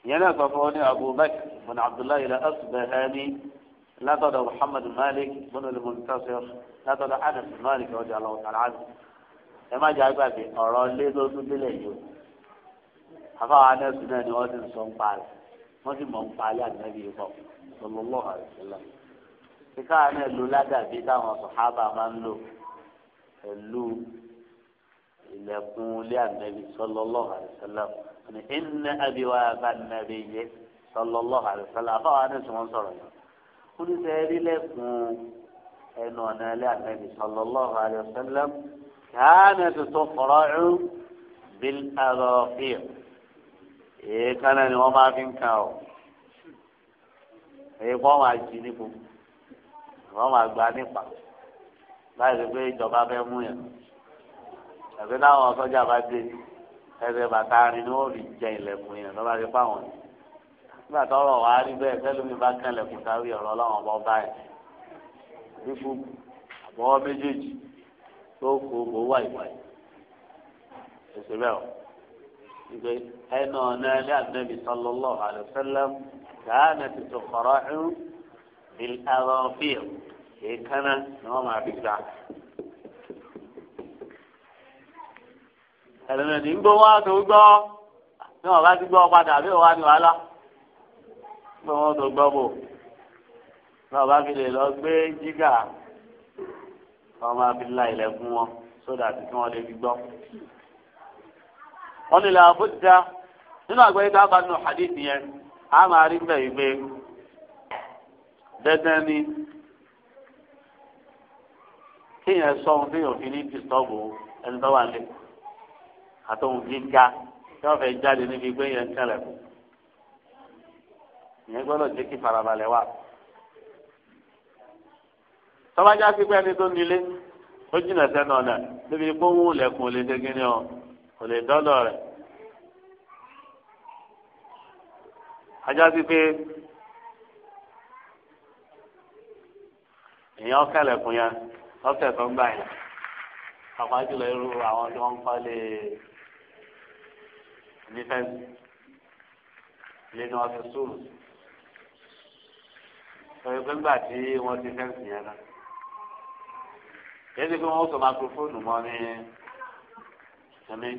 ينافى أبو بكر بن عبد الله إلى أصبهاني látọ̀dọ̀ Muhammad Malik bọ́nà Muntasir látọ̀dọ̀ Anas Malik ọjà lọ́wọ́ tàlàdì ẹ má jẹ́ àgbàgbé ọ̀rọ̀ lé lóṣù délẹ̀ yìí o afáwọn Anas náà ni wọ́n ti ń sọ ń pa rẹ̀ wọ́n sì mọ̀ ń pa ayé àgbẹ̀bí yìí pọ̀ sallallahu alaihi wasallam kíkà náà ló ládàbí táwọn sọ̀hábà máa ń lò pẹ̀lú ilẹ̀kùn ilé àgbẹ̀bí sallallahu alaihi ní inna abiwa bá yẹ sallallahu alaihi wasallam afáwọn wọn sọ̀rọ̀ yìí kúlíṣẹ rí lẹkùn ẹnu ọ̀nà ilé àtẹ̀bí sọlọ́lọ́hu àlẹ́sẹ́lẹ́m kàánà tuntun kọ̀rọ̀ọ́rù bíl àlọ́fíà èyí kánà ni wọ́n máa fi ń kà ọ́ èyí kọ́ máa jí nípò wọ́n máa gba nípa láì rí pé ìjọba fẹ́ mú yẹn àbí táwọn sọ́jà bá dé ẹsẹ̀ bàtà ni wọ́n fi jẹ ilẹ̀kùn yẹn lọ́ba ti pa wọ́n yẹn nígbà tọrọ wà á rí bẹ́ẹ̀ bẹ́ẹ̀ lómi bá kẹlẹ̀ kó sáré ọ̀rọ̀ ọlọ́run ọba ọba ẹ̀ wípé àbọ̀wọ́ méjèèjì tó kó bó wà ìwà yìí èsì bẹ́ẹ̀ o ìgbé ẹnu ọ̀nà ilé àdébí sallallahu alaihi wasallam gàánà ti tó kọ̀rọ̀ ẹ̀rù bí ẹ̀rọ fíìl èékánná ni wọ́n máa fi gbà. ẹ̀rọ ní gbówó àtòwúgbọ́ ní wọ́n bá ti gbọ́ padà bí wọ́n wá ní wàhálà pé wọ́n tó gbọ́ bò náà bá fi lè lọ gbé jígà wọ́n máa fi la ilẹ̀kùn wọn sódà tí wọ́n lè fi gbọ́. wọ́n nílò àbújá nínú àgbáyé tá a bá nù hadith yẹn a máa rí bẹ́ẹ̀ wípé dandan ni kéèyàn sọ ohun téèyàn fi ní dìstọ́bù ẹni tó wà lé àtọ̀hún gíga tí wọ́n fẹ́ jáde níbi gbé yẹn ń tẹ̀lẹ̀kùn ìyẹn gbọ́dọ̀ jẹ́ kí farabalẹ̀ wà. tọ́bajá sí pé ẹni tó nílé ó jìnà sẹ́nu ọ̀nà níbi kó ń lẹ̀kùn lè ṣe kíni ọ kò lè dọ́dọ̀ rẹ̀. ajá sí pé èèyàn ọ̀kẹ́lẹ̀kùn yẹn ọ̀kẹ́ tó ń gbà yẹn pàpà jùlọ irú àwọn tí wọ́n ń kọ́ lè nífẹ̀ẹ́ ilé ni wọ́n sùúrù sí sọ̀rọ̀ pé ńgbà tí wọ́n ti fẹ́ǹsì yẹn náà kéde pé wọ́n sọ makrofóònù mọ́ ní ẹ̀mí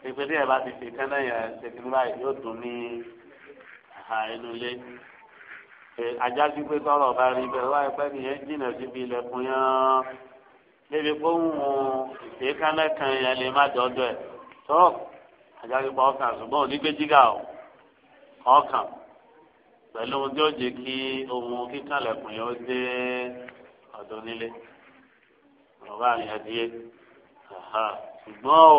pípẹ́ tí ẹ̀ bá ti fi kẹ́ńdẹ́ yẹn ṣètìlú báyìí yóò dùn ní inú ilé ajá sí pé tọrọ bá rí bẹ́ẹ̀ wáyé pẹ́ nìyẹn jìnnà síbi ilẹ̀kùn yẹn lébi kó ń wo ìfẹ́kánná kan yẹn lè má dọ́dọ̀ ẹ̀ tọ́ ajá sí pé ọkàn ṣùgbọ́n onígbèjìgà ọkàn pẹ̀lú ohun tí ó jẹ́ kí ohun kíkàlẹ̀kùn yẹn ó dé ọ̀dọ̀ nílé ọ̀rọ̀ àyìn adìyẹ ṣùgbọ́n o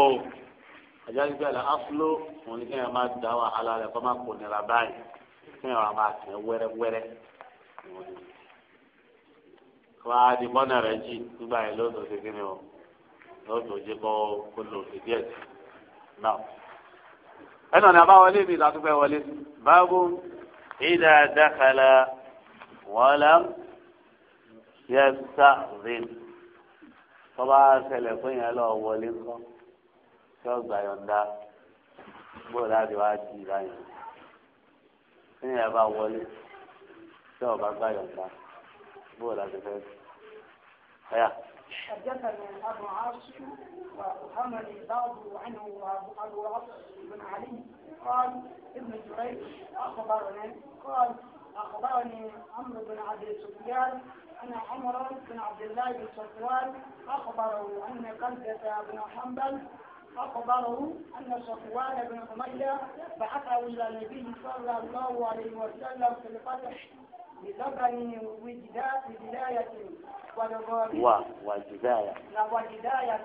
ajá gbígbé àlẹ́ áfúló òun ni kéèyàn máa da wàhálà rẹ̀ kó má kó nira báyìí kéèyàn máa tẹ̀ wẹ́rẹ́wẹ́rẹ́ wá di bọ́nà rẹ̀ jì nígbà yẹn lọ́dọ̀ ṣe kíni o lọ́dọ̀ jẹ́ kó kó lò sí díẹ̀ náà. ẹnu ọ̀nà àbáwọlé mi ìlàtúfẹ́ wọlé báwo. إذا دخل ولم يستأذن طبعا سلفين على أولين كيف يوندا بولا دواجي غاين ní ẹ̀bá wọlé tí ọba gbá yọ̀ǹda bóòlù àti fẹ́ẹ́. حدثني أبو عاصم وحمل بعضه عنه وأبو عاصم بن علي قال ابن جريج أخبرني قال أخبرني عمرو بن عبد سفيان أن عمر بن عبد الله بن صفوان أخبره أن قلدة بن حنبل أخبره أن صفوان بن أمية بعثه إلى النبي صلى الله عليه وسلم في الفتح بلبن وجداية ولغوبي وجداية وجداية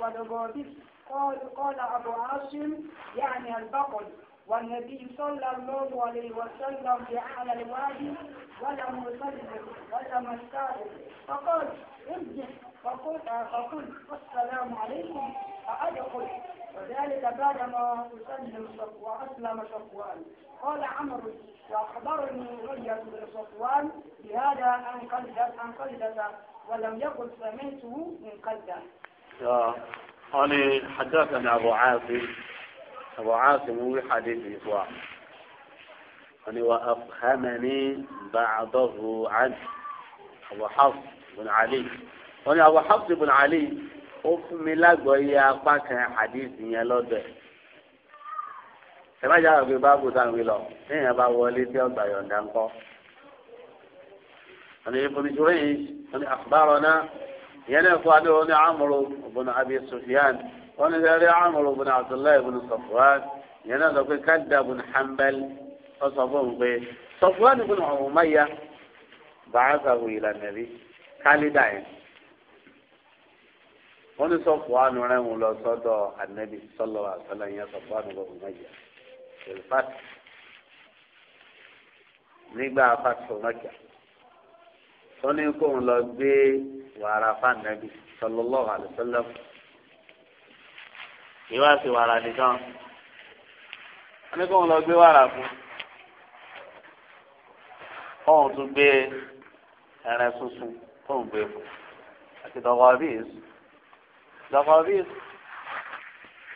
ولغوبي قال قال أبو عاصم يعني البقل والنبي صلى الله عليه وسلم في أعلى الوادي ولم يصدق ولم يستعد فقال ارجع فقل فقل السلام عليكم فأدخل وذلك بعدما أسلم وأسلم صفوان قال عمر وأخبرني رؤية بن صفوان بهذا عن قلدة عن قلدة ولم يقل سمعته من قلدة. أنا حدثنا أبو عاصم أبو عاصم هو حديث إسواء أنا وأفهمني بعضه عن أبو حفص بن علي أنا أبو حفص بن علي أفهم لك وهي أقاك حديث يا لدي ẹ má jáwé pé báàbò tá à ń wí lọ téèyàn bá wọlé tí ọgbà yọ̀ǹda ńkọ́. àti ìfòmìtúrò yìí wọn ni àkùbárọ̀ náà ìyẹn náà kó adé wọn ní àmúrò ọ̀bùnà àbí Sufyan wọn ni rẹ́rẹ́ àmúrò ọ̀bùnà Abdullahi ọ̀bùnà Safwan ìyẹn náà sọ pé kádà ọ̀bùnà Hanbal ó sọ fún un pé Safwan ọ̀bùnà Umayya bàásàwò ìlànà rí kálídà yẹn wọn ni Safwan rẹ̀ ń lọ sọ́dọ̀ ìfàtì nígbà fàtì mọ́jà tó ní kó ń lọ gbé wàrà fànàbí sallallahu alaihi wasallam ìwà sí wàrà nìkan wọ́n ní kó ń lọ gbé wàrà fún kóun tún gbé ẹran sunsun kóun gbé fún àti dọkọ bíi dọkọ bíi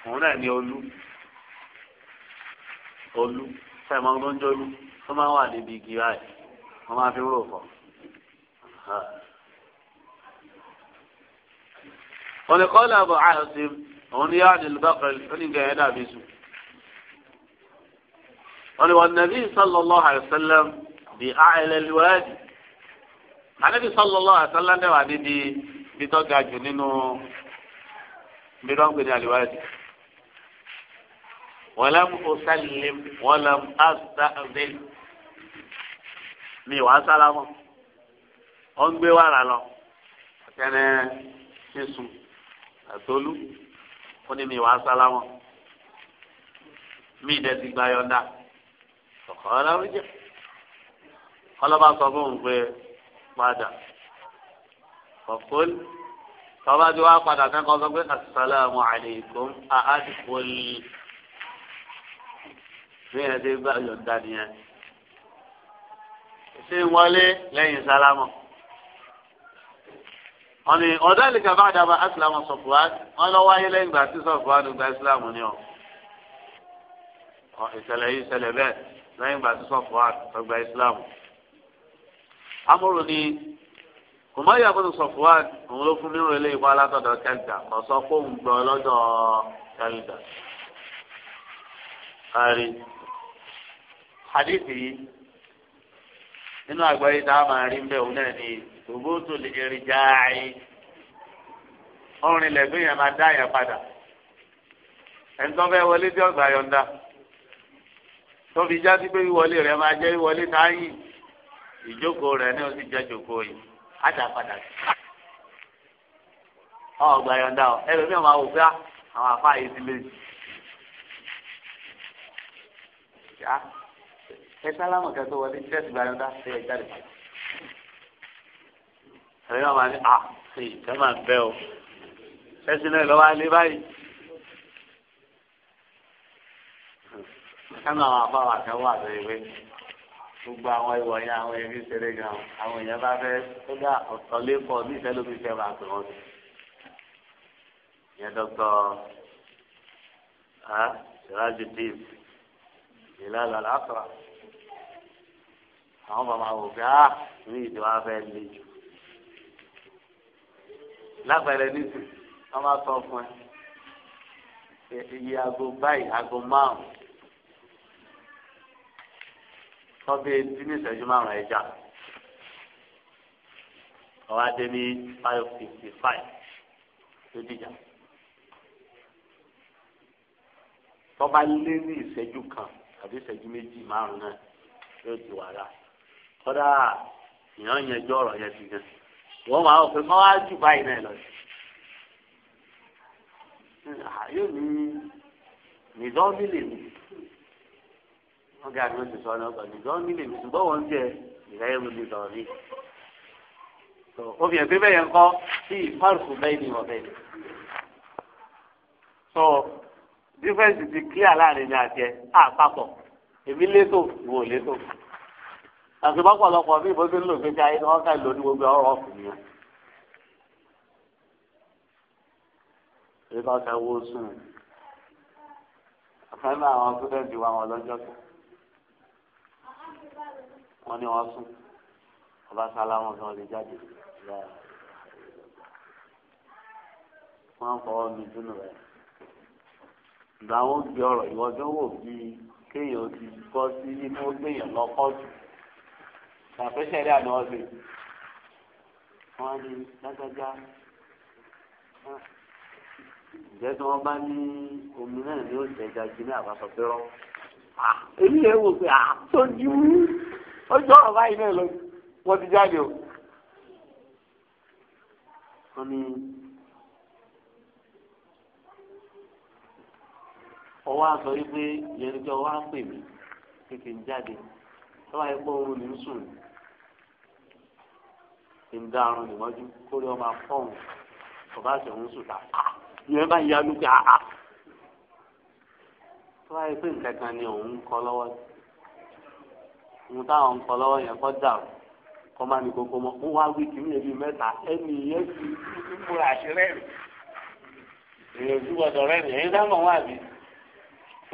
òun náà ní olú olú fẹ́ẹ̀mọ́ ló ń jólú tó máa ń wà níbi igi báyìí wọ́n máa fi ń rò pọ̀. wọ́n kọ́ làbọ̀ àyọ̀sí òun ní yáàdì lùbákàrẹ̀ onígbà yẹn dàbí sùn. wọ́n wọ́n nàbí sallallahu alayhi bí àìlẹ̀ lùwẹ́ẹ̀dì. ànábì sallallahu alayhi dẹ̀ wà níbi bí tó ga jù nínú bí tó ń gbé ní àlùwẹ́ẹ̀dì wọlẹ́m ọ̀sálẹ̀m wọlẹ́m ọ̀sálẹ̀m mi wàá sálámọ̀ ọ̀ ń gbé wàrà lọ kẹ́nẹ́ sísun àtolú ó ní mi wàá sálámọ̀ mi dẹ̀ ti gba yọ̀ǹda ọ̀kọ́ ọlọ́run jẹ́ ọlọ́ba sọ fún un pé padà ọ̀kọ́lù tọ́ba ti wá padà kẹ́kọ̀ọ́ sọ pé asalaamualeykum ahadifoli fi hàn dé gbà yọ̀ǹda nìyẹn ṣé wọlé lẹ́yìn sálámọ̀ wọ́n ní ọ̀dọ́ ìlẹ̀kẹ̀ bá dàbà asilamu sọ̀fùwá wọ́n lọ wáyé lẹ́yìn gbà tí sọ̀fùwá ló gba isilamu ni ọ ìṣẹ̀lẹ̀ yìí ṣẹlẹ̀ bẹ́ẹ̀ lẹ́yìn gbà tí sọ̀fùwá tó gba isilamu amúrú ni kùmọ́yà fún sọ̀fùwá òun ló fún nírò ilé ìwọ alátọ̀dọ̀ kẹlìdà kò sọ pé gbọ́ lọ́dọ̀ kẹlìdà hadithi yìí nínú àgbáyé tá a máa rí mbẹ́ òun náà ni tòbótò lè rí jáì ọrìn lẹ́gbẹ́ yẹn máa dá yẹn padà ẹ̀ńtọ́ fẹ́ wọlé tí ọgbà yọ̀ǹda tóbi jáde pé wíwọlé rẹ̀ máa jẹ́ wíwọlé táyì ìjókòó rẹ̀ ní o sì jẹ́ jókòó yìí á dà padà sí ọgbà yọ̀ǹda ọ ẹlòmíràn máa wò pé ah, àwọn àfáà yìí ti lè jù ẹ sálámù kẹtọ wọlé ṣẹẹsì báyọ dá sí ẹ jáde. ẹ̀rọ yóò máa ní à sí ìtẹ́ máa bẹ́ o ṣẹ́sì náà lọ́wọ́ alẹ́ báyìí. kánú àwọn afáwà kan wà tó ìwé gbogbo àwọn ìwọ̀ yẹn àwọn ẹbí ṣeré gan àwọn èèyàn bá fẹ́ ó dá ọ̀tọ̀ lẹ́kọ̀ọ́ ní ìfẹ́ ló fi fẹ́ máa pè wọ́n sí. ìyẹn dọ́kítọ̀ ṣèlájú dìbò ìlànà àlàáfíà àwọn bàbá wò pé á ah, ní ìdí wa fẹ́ le jù lábẹ́rẹ́ nísìn wọ́n bá sọ fún ẹ iye aago báyìí aago márùn tọ́bí etí ní ìṣẹ́jú márùn ẹja ọ̀wá dé ní five fifty five tó dìjà tọ́ba lé ní ìṣẹ́jú kan àbí ìṣẹ́jú méjì márùn náà yóò di wàhálà kọ́dà èèyàn yẹjọ́ ọ̀rọ̀ yẹn ti gan wọ́n máa wọ̀ pé wá jù báyìí náà lọ yóò ní nìdánmí lè mí wọ́n gé àdúró ti sọ ọ́nà ọgbà nìdánmí lè mí ṣùgbọ́n wọ́n ń jẹ ìrẹ́yẹ mi lè sọ̀rọ̀ mí. obìnrin pé bẹ́ẹ̀ yẹn kọ́ sí ìfọ́rùkù bẹ́ẹ̀ ni wọ́n bẹ́ẹ̀ ni. so difference ti clear láàrin ní àjẹ àpapọ̀ èmi létò ìwọ létò àti bọ́pọ̀lọpọ̀ bí ìbò ti ń lò gbèsè ayé ni wọ́n ká ní gbogbo ọ̀rọ̀ ọ̀fìn yẹn. ìbá ọ̀sẹ̀ wo sùn ọ̀fẹ́ àwọn sítẹ́ǹtì wa wọn lọ́jọ́ kan wọ́n ní wọ́n sùn ọba sálámù kí wọ́n lè jáde wọ́n fọwọ́ mi dúnú rẹ̀ ìgbà wọn gbé ọ̀rọ̀ ìwọ́jọ́ wò bíi kéèyàn ti kọ́ sí inú gbèyàn lọ́kọ́ jù. tàbí sẹ́rí àná ọ̀gbìn wọ́n ní lágbájá ǹjẹ́ tí wọ́n bá ní omi náà ní oṣù ẹja jí ní pé rọ́ yẹn wò pé ọjọ́ ọ̀rọ̀ báyìí náà lọ wọ́n ti jáde o. wọ́n ní ọwọ́ yìí pé yẹn ní kí ọwọ́ á pè mí jáde ní sùn. ti ń dárun níwájú kórè ọmọ afọ́hùn ọba àti òun sùn tàà ah, ìyẹn bá ya lókè àá tó bá yẹ pé nǹkan kan ni òun ń kọ lọ́wọ́ òun táwọn ń kọ lọ́wọ́ yẹn kọ́ dà kọ́ máa ní kókó mọ́ wọ́n wá wí kìíní ẹbí mẹ́ta ẹni yẹn ti múra àṣírẹ́ rẹ̀ èrè ojú gbọdọ̀ rẹ̀ rẹ̀ ẹ̀yin dáhùn wá bí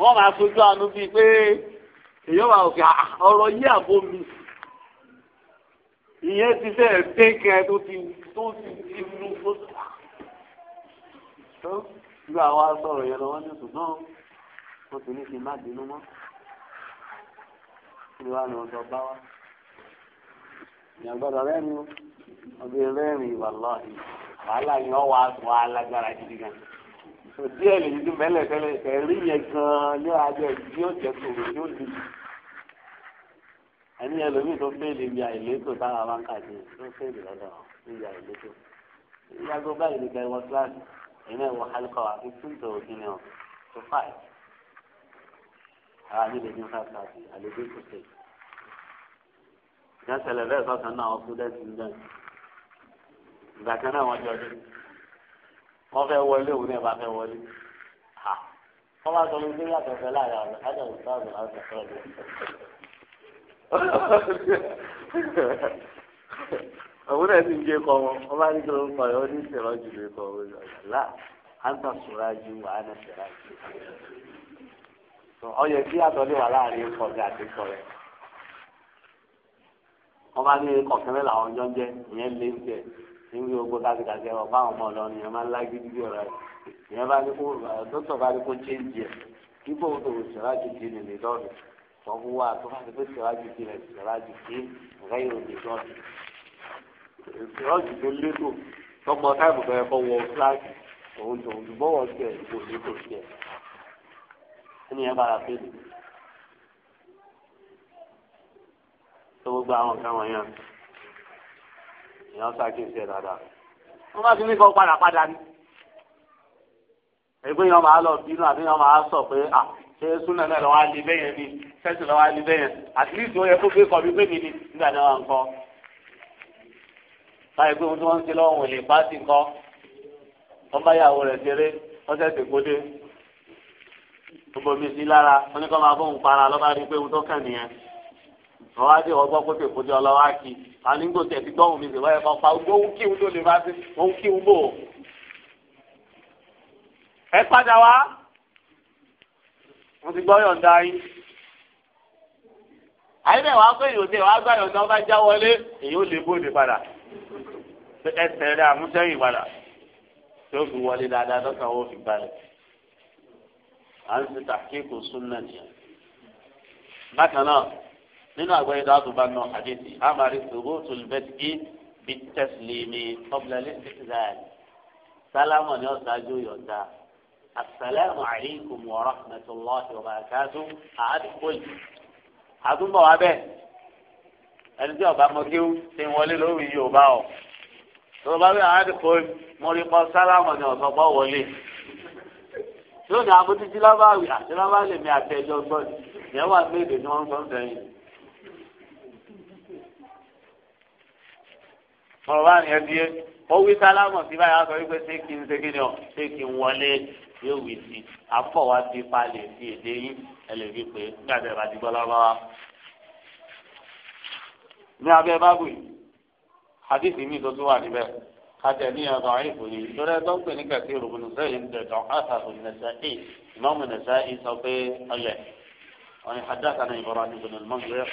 wọ́n máa fojú àánú bíi pé èyí wà òkè ah, ọ̀rọ̀ yí àbó ìyẹn ti fẹ́ dé kẹ tó ti tó ti ti lu tó tó lu àwa sọ̀rọ̀ yẹn lọ́wọ́ ní ṣùgbọ́n wọ́n ti ní kí n má bínú mọ́ kí wàá lọ sọ bá wa ìyàn gbọ́dọ̀ rẹ́rìn o ọbẹ̀ rẹ́rìn wàláhì wàhálà yẹn ọ wàá sọ alágbára gidi gan òdí ẹ̀ lè dún mẹ́lẹ̀ tẹ́lẹ̀ ẹ̀rí yẹn gan-an ní adé ẹ̀ tí ó jẹ́ tòrò tí ó dùn ẹni ẹlòmíì tó fẹ́ẹ̀lì ibi àìlétò táwọn máa ń kàdé tó fẹ́ẹ̀lì lọ́dọ̀ ibi àìlétò ìyàgò báyìí ní kẹwọ́ kíláàsì ẹ̀yin náà wọ àti fúntò òfin ọ̀ tó fàì àwọn àmì lè ní five àlejò tó ṣe ìyàsẹ̀lẹ̀ bẹ́ẹ̀ sọ̀tàn náà wọ́n fúdẹ́sì ń dẹ̀ ìgbà kan náà wọ́n jọ dé wọ́n fẹ́ wọlé òun náà bá fẹ́ wọlé wọ́n bá sọ fún yàtọ̀ fẹ́ láàrin àjọ òun náà ń gbé kọ wọn bá ní kí ló pààyàn ní ìṣẹ̀lẹ̀ ọjọ́ ìlú kọ wọn là áńtà sùnra ju àánà ìṣẹ̀lẹ̀ àjò ọyẹ kí àtọ́lé wà láàrin ikọ̀ àti ikọ̀ wọn bá ní ikọ̀ làwọn jọ ń ìyẹn lé ń jẹ níbi ogbó kásìkásì ẹwà báwọn ọmọ ọlọrin yẹn máa ń lágídí bí ọ̀rọ̀ ìyẹn bá ní kó dókítà bá ní kó chéńjì ẹ kíkó tó ìṣẹ̀lẹ̀ àjò ti nìlè وهو طبعا بس سراج الدين سراج الدين غير النظام سراج الدين لتو طب ما تعمل بقى هو فلاج òun tó ń bọ̀wọ̀ tiẹ̀ kò ní kò tiẹ̀ ẹni ẹ bára pé lè tó gbogbo àwọn nǹkan wọ̀nyẹn èèyàn ṣàkíyèsí ẹ̀ dáadáa wọ́n bá ti ní kọ́ padà padà ní ẹgbẹ́ yẹn máa lọ bínú àbí yẹn máa sọ pé à ah, ṣe súnà náà lọ́wọ́ alẹ́ bẹ́yẹn ni sẹ́sì lọ́wọ́ alẹ́ bẹ́yẹn at least ó yẹ kó gbé kọ́ mi gbé mi ni nígbà náà ń kọ́ báyìí pé ohun tí wọ́n ń ṣe lọ́wọ́ wọn lè bá ti kọ́ wọ́n bá yàwó rẹ̀ ṣeré wọ́n ṣẹ̀ṣẹ̀ gbódé gbogbo mi sí lára wọ́n ní kọ́ máa bóun para lọ́ba rí pé ohun tó kàn nìyẹn wọ́n wá dé wọ́n gbọ́ pé kò jọ lọ́wọ́ àkì ànígbò ẹ padà wá mo ti gbọ́ yọ̀ǹda yín. àyẹ̀bẹ̀ wàá pé yòóde wàá gbà yọ̀ǹda wọn já wọlé èyí ó lè bóde padà ẹsẹ̀ rẹ̀ àmúṣẹ́yìn padà tó fi wọlé dáadáa lọ́sàn-án ó fi balẹ̀. à ń ṣe tàkíkù súnà nìyẹn. bákan náà nínú àgbáyé dáàbò bá nà àdéhùn àmàrí ṣòro tó lè tẹ̀sílẹ̀ mi ọ̀bùnà lè ṣe sálámọ̀ ni ọ̀sájú asalaamu alaykum wa rahmatulahi wa barakatu àádìpọ̀lì àdúgbò wa bẹ́ẹ̀ ẹni tí ọba mọ́kíw ti wọlé lórí yorùbá ọ tọ́lọ́ bá bẹ́ẹ̀ àádìpọ̀lì mọ́ríkọ́ sálámù ni ọ̀sọ́gbọ́ wọlé yóò ní abótítí lábáwì àti lábáwì lèmi àtẹjọ gbọ́ ìyẹn wà pé èdè ni wọ́n ń gbọ́ ń sẹ́yìn. mọ̀rọ̀ bá nìyẹn di ó wí sálámù sí báyìí á sọ wípé ṣé kí n ṣe kí ni ọ ṣé kí n wọlé yóò wí sí afọwà ti palẹ̀ sí èdè yín ẹ lè fi pé gbàdé ìbàdí gbọ́ lọ́wọ́ wa. ní abẹ́ bábù yìí hadith mi tó tún wà níbẹ̀ kàtẹ́ ní ọ̀gá ọ̀hìn kò ní lórí ẹ̀ tó ń pè ní kẹ̀kẹ́ ìrògùnù sẹ́yìn dẹ̀dọ̀ àtàkùn nẹ̀sẹ̀ ìmọ̀mù nẹ̀sẹ̀ ìsọ pé ọlẹ̀ وأن حدثنا إبراهيم بن المنذر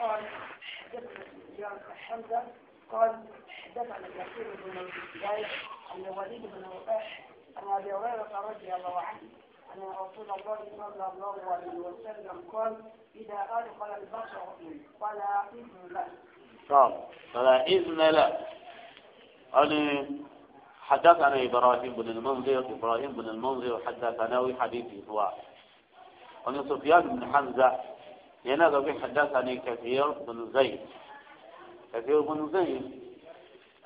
قال حدثنا سفيان حمزة قال دفع الكثير بن ذلك أن وليد بن رباح عن أبي هريرة رضي الله عنه أن رسول الله صلى الله عليه وسلم قال إذا أدخل البشر فلا إذن له. طب فلا إذن له. أنا حدثنا إبراهيم بن المنذر إبراهيم بن المنذر حدثنا حديث إسواء أنا سفيان بن حمزة ينادى به حدثني كثير بن زيد كثير بن زيد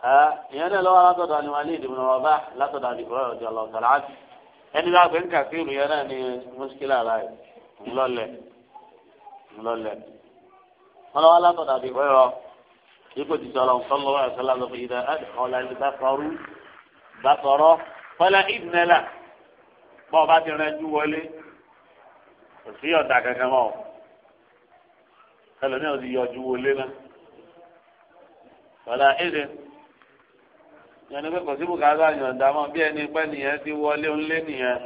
ìyẹn náà lọ́wọ́ látọ̀dọ̀ ni wàá lé ìdìbò náà wọ́n bá látọ̀dọ̀ àdìgbò rẹ̀ ọ̀dọ̀ ọ̀lọ́ ọ̀tọ̀lá àti ẹni bá gbé ń kà sí ìrù yẹn náà ni mùsùlùmí ara ẹ̀ ńlọ́lẹ̀ ńlọ́lẹ̀ wọn lọ́wọ́ látọ̀dọ̀ àdìgbò rẹ̀ ipò ti sọ̀rọ̀ ńsọ́lọ́wọ́ ẹ̀sọ́lá lọ́kọ̀ ìdá ọ̀là ẹni bá sọ̀rọ̀ bá sọ̀rọ̀ fọlá ìdìnnẹ́là bọ́ ọba ti rẹ̀ yẹn ni pé kò sí bùkátà yọ̀ǹda mọ́ bí ẹni pẹ́ nìyẹn ti wọlé ńlé nìyẹn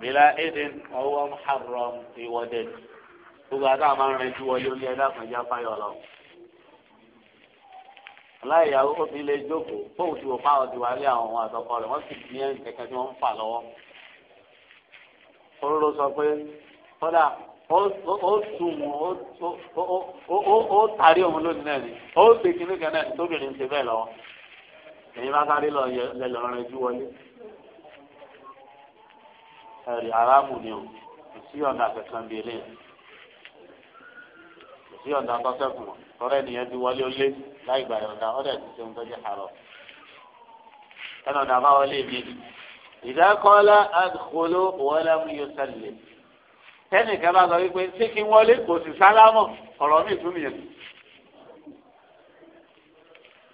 bílá ẹ̀dín ọwọ́ haram ìwọ́dẹ̀ gbogbo àti àwọn máa ń rẹjú wọlé ńlé ẹ̀dá kan já fáyọ̀ lọ. aláìyàwó ó fi lè jókòó fóun ti wò fáwọn ti wálé àwọn ohun àtọkọ rẹ̀ wọ́n sì ní ẹ̀yìn kẹ̀kẹ́ tí wọ́n ń fà lọ́wọ́. oró sọ pé kódà ó sùn wọn ó tàrí òun lónìí náà ni ó ṣe kinní kan náà tóbi ní ti bẹ́ẹ̀ lọ́wọ́ èyí bá sáré lọ lẹlọ rẹ jú wọlé ẹrí aráàmù ni o kò sí ọ̀nà kankan bíi eléyà kò sí ọ̀nà tọ́sẹ̀kùn tọ́rẹ́ nìyẹn ti wọlé ó lé láì gbà yọ̀ǹda ọ̀dẹ̀ ti ṣe ń tọ́jú àrọ̀ ẹnu ọ̀nà àbáwọlé mi ìdákọ́lá àdìkọ́ló wọlé mi yóò sẹ́lẹ̀ tẹ́nìkan bá sọ wípé ṣé kí wọlé kò sì sálámọ̀ ọ̀rọ̀ mi tún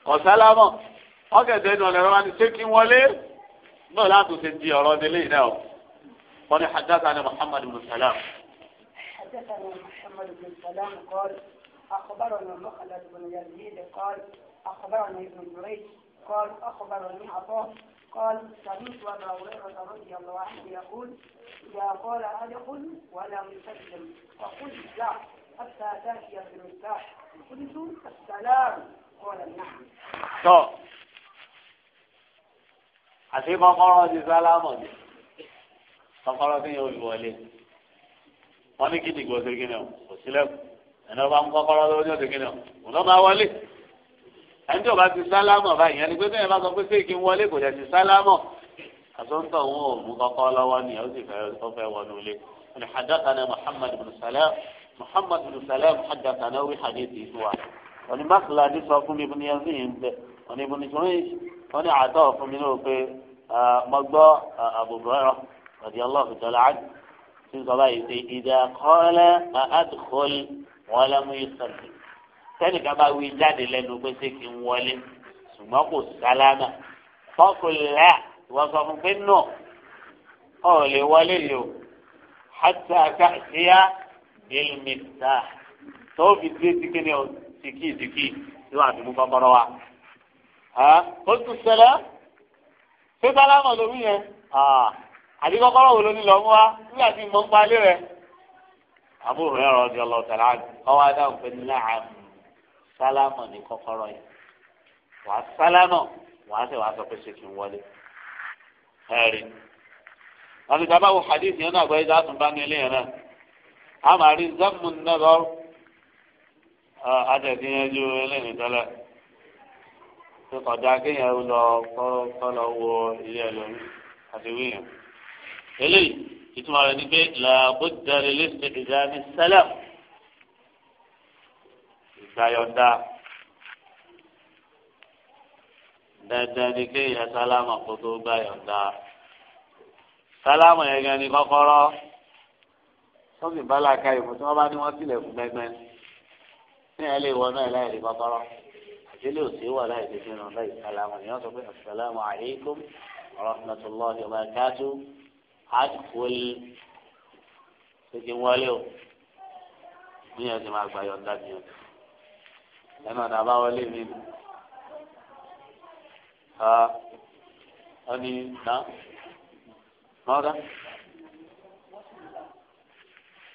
kò sálámọ̀. ọ̀gẹ̀dẹ̀ ẹnu ọ̀lẹ́rọ̀ wa ni ṣé kí wọlé náà láti ṣe di ọ̀rọ̀ délé yìí náà wọ́n ní hadathana muhammad bin salam. hadathana muhammad bin salam qal akhbarana mukhlad bin yazid qal akhbarana ibn jurayj قال أخبرني عطاء قال سمعت أبا هريرة رضي الله عنه يقول إذا قال أدخل ولم يسلم فقلت لا حتى تأتي بالمفتاح قلت السلام قال نعم. àti kọ́kọ́rọ́ ti sálámọ̀ ni kọ́kọ́rọ́ ti yóò wọlé wọ́n ní kíni gbòòsè kíni o kò sílẹ̀kùn ẹni ọba ń kọ́kọ́rọ́ lọ́wọ́ ní òsè kíni o kò lọ́ máa wọlé ẹni tí o bá ti sálámọ̀ báyìí ẹni pé bẹ́ẹ̀ bá sọ pé ṣé kí n wọlé kò jẹ́ ti sálámọ̀ àtúntò òun ò mú kọ́kọ́ lọ́wọ́ ni ó sì fẹ́ wọnú ilé ẹni hadathana muhammad bin salam muhammad bin salam hadathana wí hadithi ìfúwa wọn ni mákìlá ní sọ fún mi bí ni ẹ mọ́gbọ́ àbùbọ́rọ̀ ọ̀dí ọlọ́ọ̀fù tọ́lá á ti sọ báyìí pé ìdá kọ́lá àádùkọ́l wọn lẹ́mú ìsọ̀tì sẹ́nìkan bá wí jáde lẹ́nu pé ṣé kí n wọlé ṣùgbọ́n kò sálámà fọ́kùnlá wọ́n sọ fún pé nù ọ̀ lè wọlé lò hàtà káàkiri bílmìtà tó fi dé tìkìnnì tìkì tìkì yóò àti mú kọ́kọ́rọ́ wa. ó tún ṣẹlẹ̀ ṣé sálámà ló wí yẹn àbí kọ́kọ́rọ́ wo ló ní lọ́mú wa nígbà tí mo ń palẹ̀ rẹ̀. Abu Hurairah radiyallahu ta'ala ọwọ́ adáhùn pé láàm sálámà ní kọ́kọ́rọ́ yẹn wàá sálámà wàá sì wàá sọ pé ṣe kí n wọlé. ẹ̀rí wọn ti dábàá wo hadith yẹn náà gbé ẹja tún bá ní ilé yẹn náà a máa rí zammu nazar adẹ̀dínyẹjú pé kọjá kéèyàn ó lọ kọ́ lọ wọ ilé ẹlòmí àti wíyàn. eléyìí ìtumọ̀ rẹ̀ ni pé làbó darí lẹ́sẹ̀ ìjà ní sẹ́lẹ̀ ìgbàyọ̀dá dandan ni kéèyàn sálámà kó tó gbàyọ̀dá sálámà yẹn gan ni kọ́kọ́rọ́ sọ́ọ̀bì bá làákàyè fún tí wọ́n bá ní wọ́n tilẹ̀kùn gbẹgbẹ́ ní ẹ̀ lè wọ náà láì rí kọ́kọ́rọ́ ìdílé òsè wà láì fi fihàn láì sàlámù èèyàn sọ pé asàlámù àlékún rahmatulahi wa barakatu adkul ṣèjì wọlé o níyàn ti máa gba yọ̀ǹda mi o ẹnu ọ̀nà àbáwọlé mi ni ọ ní náà mọ́ra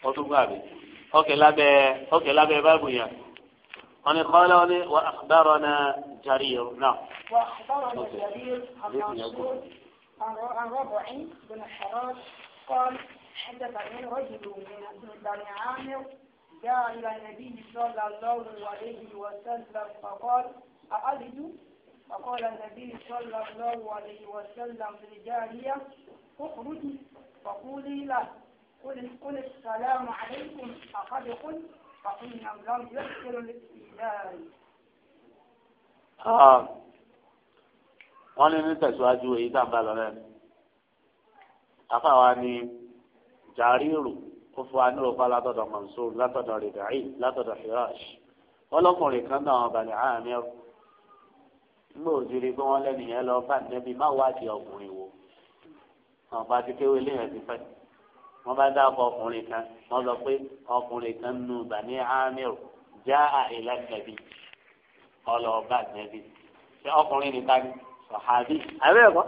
ó tún gbà mí ọkẹ́ lábẹ́ ọkẹ́ lábẹ́ báàbù yẹn. قال قال وأخبرنا جرير نعم وأخبرنا جرير عن ربع بن حراج قال حدثني رجل من بني عامر جاء إلى النبي صلى الله عليه وسلم فقال أأجد فقال النبي صلى الله عليه وسلم للجارية اخرجي فقولي له قل السلام عليكم فقد قلت فإنه لم يذكر الاستدلال wọ́n ní nítẹ̀síwájú èyí tá à ń bá lọ lẹ́nu afáwa ni jàríìrù ó fún wa ní òkú látọ̀dọ̀ Mansur látọ̀dọ̀ rìdàí látọ̀dọ̀ Hirash wọ́n lọ́kùnrin kan náà bàlẹ̀ àmì ẹ̀rọ nígbà òjìrì pé wọ́n lẹ́nu yẹn lọ bá nẹ́bí má wádìí ọkùnrin wo àwọn bá ti kéwé léyìn ẹ̀ ti fẹ́ wọ́n bá dáàbò ọkùnrin kan wọ́n sọ pé ọkùnrin kan nù bani amir já àìlá nàbí ọlọ́ọ̀bá nàbí ṣé ọkùnrin nìkan ni sọ̀hábì àbẹ́ ẹ̀kọ́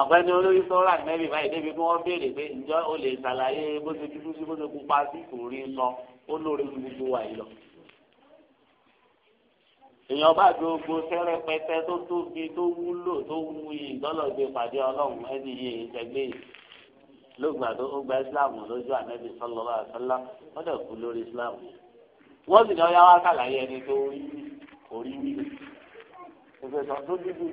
ọ̀gbẹ́ni olórí sọ́ra nàbí báyìí débi kí wọ́n béèrè pé ǹjọ́ o lè ṣàlàyé bó ṣe dúdú sí bó ṣe pupa sí kò rí sọ ó lórí gbogbo wa yìí lọ èèyàn bá gbogbo sẹ́rẹ́pẹtẹ tó tóbi tó wúlò tó wúyì lọ́lọ́gbé pàdé ọlọ́run ẹni yìí ẹgbẹ́ yìí lóògbà tó ó gba islam lójú ànábì sọlọ bá sọlá wọn dẹ kú lórí islam wọn sì ní ọyá wa kàlàyé ẹni tó rí orí wí ìfẹsọ tó dúdú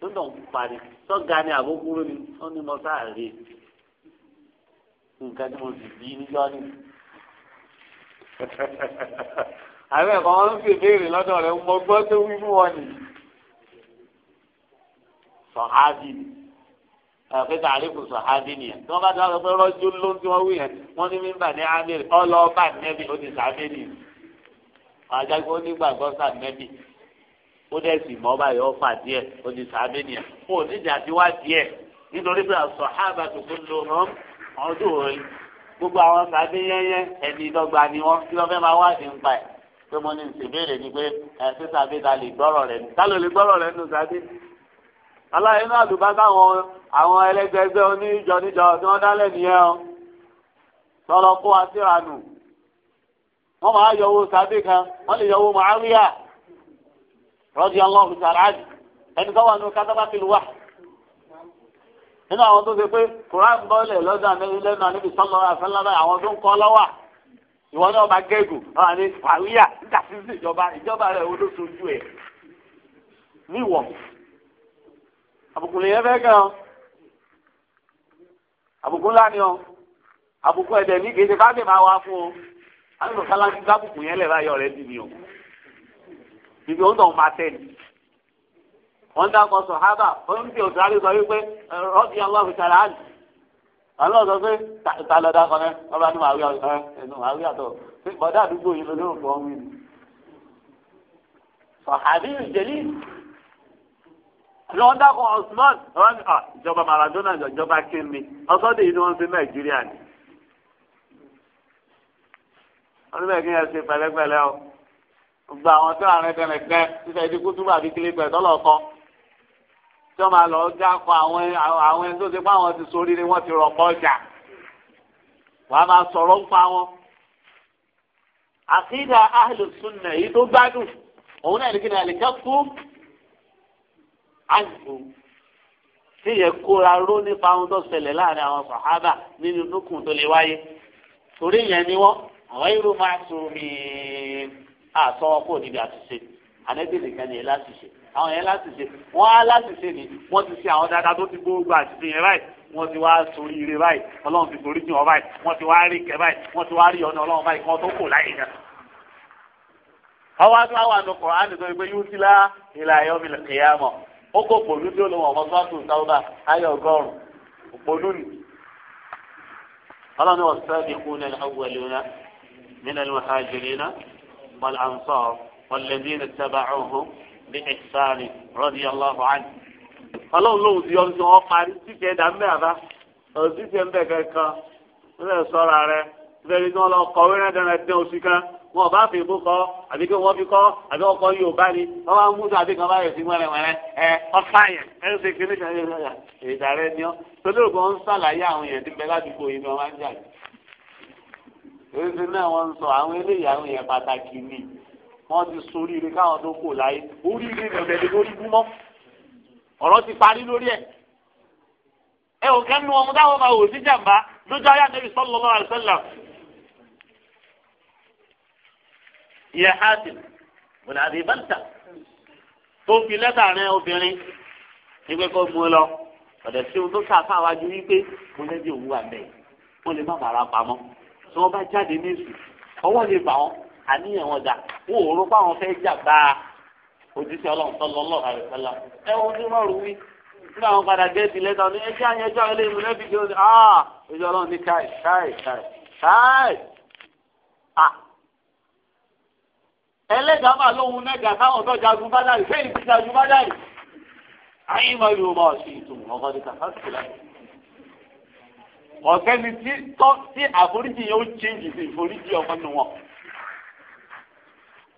tó dàn parí tó ga ni àbókúrú ni ó ní mo sáà rí nǹkan tí mo sì bí níjọ́ ni. *laughs* àbẹ kan wọn ń fi béèrè lọ́dọ̀ rẹ̀ mo gbọ́ tó wí fún wọn ni sọhábì ni pé tàrífù sọ̀hádì nìyẹn tí wọ́n bá dáná pé rọ́jú ló ń tí wọ́n wí yẹn wọ́n ní mímbà ní amírí ọlọ́ọ̀bà nẹ́bì ó ti sàmé nìyẹn àjàgbé onígbàgbọ́ sàmẹ́bì ó dẹ̀ sì mọ́ báyìí ọ̀fà díẹ̀ ó ti sàmé nìyẹn ó níjà ti wá díẹ̀ nítorí pé sọ̀hábà tó kún ló hàn ọdún òòrùn gbogbo àwọn sàmé yẹ́yẹ́ ẹni dọ́gba ni wọ́n kí wọ́n fẹ́ máa wá ní nípa ẹ̀ pé mo ní ìsèbéèrè ni pé ẹ̀ aláìnú àdùbá táwọn àwọn ẹlẹgbẹgbẹ oníjọ níjọ tí wọn dálẹ nìyẹn o tọlọ kó wa síra nù wọn máa yọwọ sábẹ kan wọn lè yọwọ màáríà rọdí ọlọ́run sàràdì ẹni tó wà nù kátábà kìlú wà nínú àwọn tó ṣe pé koran bọ́ọ̀lẹ̀ lọ́dọ̀ àmì lẹ́nu àníbi sọ́lọ́ àfẹ́lẹ́dà àwọn tó ń kọ́ lọ́wà ìwọ náà bá gẹ́gù náà ní pàríyà nígbà tí ìjọba ìjọba rẹ̀ olóṣooṣù ẹ̀ níwọ̀n àbùkù lèyẹn fẹ́ kàn ọ́ àbùkù ńlá ni ọ́ àbùkù ẹ̀dẹ̀ ní kéde káàdì máa wá fún ọ alùpùpù sálájú gbàbùkù yẹn lè ráyọ rẹ dì ní o bíbí òun náà máa tẹ̀ ní. wọ́n dákọ̀ sọ hábà wọ́n ti òtún àlè sọ wípé rọ́bì aláwọ̀ sàrà àlù àlọ́ sọ pé ta lọ dákọ̀ rẹ ọba ní màá rí ọ ẹnu màá rí àtọ̀ bọ́dà àdúgbò yìí lọ́dún òkú ọ̀hún yìí lọ́wọ́ dákun Osman wọ́n ní ìjọba Maradona ìjọba kínní ọsọ́dẹ̀ yìí ni wọ́n ń fi Nàìjíríà ni. wọ́n ní bẹ́ẹ̀ kí yẹn ṣe pẹ̀lẹ́pẹ̀lẹ́ o gba àwọn tó àárín tẹnẹkẹ́ títẹ ìdíkú túbọ̀ àbí kílé pẹ̀ tọ́lọ̀ kọ́ tí wọ́n máa lọ dákọ àwọn àwọn ẹni tó ti pa àwọn ti sórí ni wọ́n ti rọ̀pọ̀ ọjà wọ́n á máa sọ̀rọ̀ ń pa wọn. àkídà ahlùsùn náà èyí tó gbádùn òun náà ní kí ni àlìkẹ́ fún àgùn tí yẹ kóra ró nípa ohun tó ṣẹlẹ̀ láàrin àwọn sàhábà nínú dúkùn tó lè wáyé torí yẹn ni wọ́n àwọn irú máa sùn mí àtọwọ́ kò níbi àtúnṣe ànẹ́bí nìkan ni ẹ láti ṣe àwọn yẹn láti ṣe wọ́n á láti ṣe ni wọ́n ti ṣe àwọn dáadáa tó ti gbóògbó àtúnṣe yẹn báyìí wọ́n ti wá sórí ire báyìí ọlọ́run ti forí jìn báyìí wọ́n ti wá rí kẹ́ báyìí wọ́n ti wá rí ọ̀nà ọlọ́run báyìí kan tó kò láyé náà ọwọ́ àti wàá wà nù kọ̀ọ̀án yóò ti lá ìlà ayọ́ mi lè kéèyàn mọ̀ ó kó pòlú tí ó lọ wọn mọ́tò sáwùdà ayé ọgọ́rùn pòlú ni. ọlọ́run wọ sẹ́ẹ̀dì kú ní ọgbẹ̀lúna nínú muhajirina wal ansar walladina taba'uhum bi ihsan radiyallahu anhu. ọlọ́run lóhùn sí ọdún tí wọ́n parí títí ẹ̀dá ń bẹ̀ àbá òtítì ẹ̀ ń bẹ̀ kankan ń wọn bá fi ìbú kọ àbí kí wọn fi kọ àbí wọn kọ Yorùbá ni wọn bá ń mú àbí kan bá sí wẹrẹwẹrẹ ẹ ọfà yẹn ẹ ń ṣe kiri kan yẹn lọ́yà èdè rẹ ni ọ tọ́lú kan ń sàlàyé àwọn yẹn ti bẹ ládùúgbò yìí ni wọn máa ń jà ní. èsì náà wọn ń sọ àwọn eléyìí àwọn yẹn pàtàkì ni wọn ti soríire káwọn tó kò láyé oríire bẹ̀rẹ̀ ẹ̀ yẹ hasim bùnà àbí bàtà tó fi lẹ́tà rẹ obìnrin nígbẹ́ kó mú lọ ọ̀dẹ̀ sí ohun tó sàfà wájú wípé mo lẹ́bi òwú àbẹ̀ wọ́n lè má bàrà pamọ́ tí wọ́n bá jáde ní èsù ọwọ́ lè bà wọ́n àníyàn wọn dà wọ́n ò rò pé àwọn fẹ́ jà bá òjíṣẹ́ ọlọ́run tọ́lọ́ ọlọ́run àrẹ̀sẹ́lá ẹ wọ́n ti rọrùn wí nígbà wọn padà gẹ́ẹ̀tì lẹ́tà ní ẹjẹ́ àyẹjọ́ ilé ìmú lẹ́bi kí ah òjíṣẹ́ ọlọ́run ní káì káì káì káì ah ẹlẹ́gàá máa lóhun mẹ́gà táwọn tó jagun bá dárì fẹ́yìn ti jagun bá dárì. ayé máa lo ọmọ ọ̀sìn ìtumọ̀ ọkọ ní kàfáàsì láti. ọ̀gẹ́ni tí tọ́ sí àforíjì yẹn ó chéǹjì sí ìforíjì ọkọ nù wọn.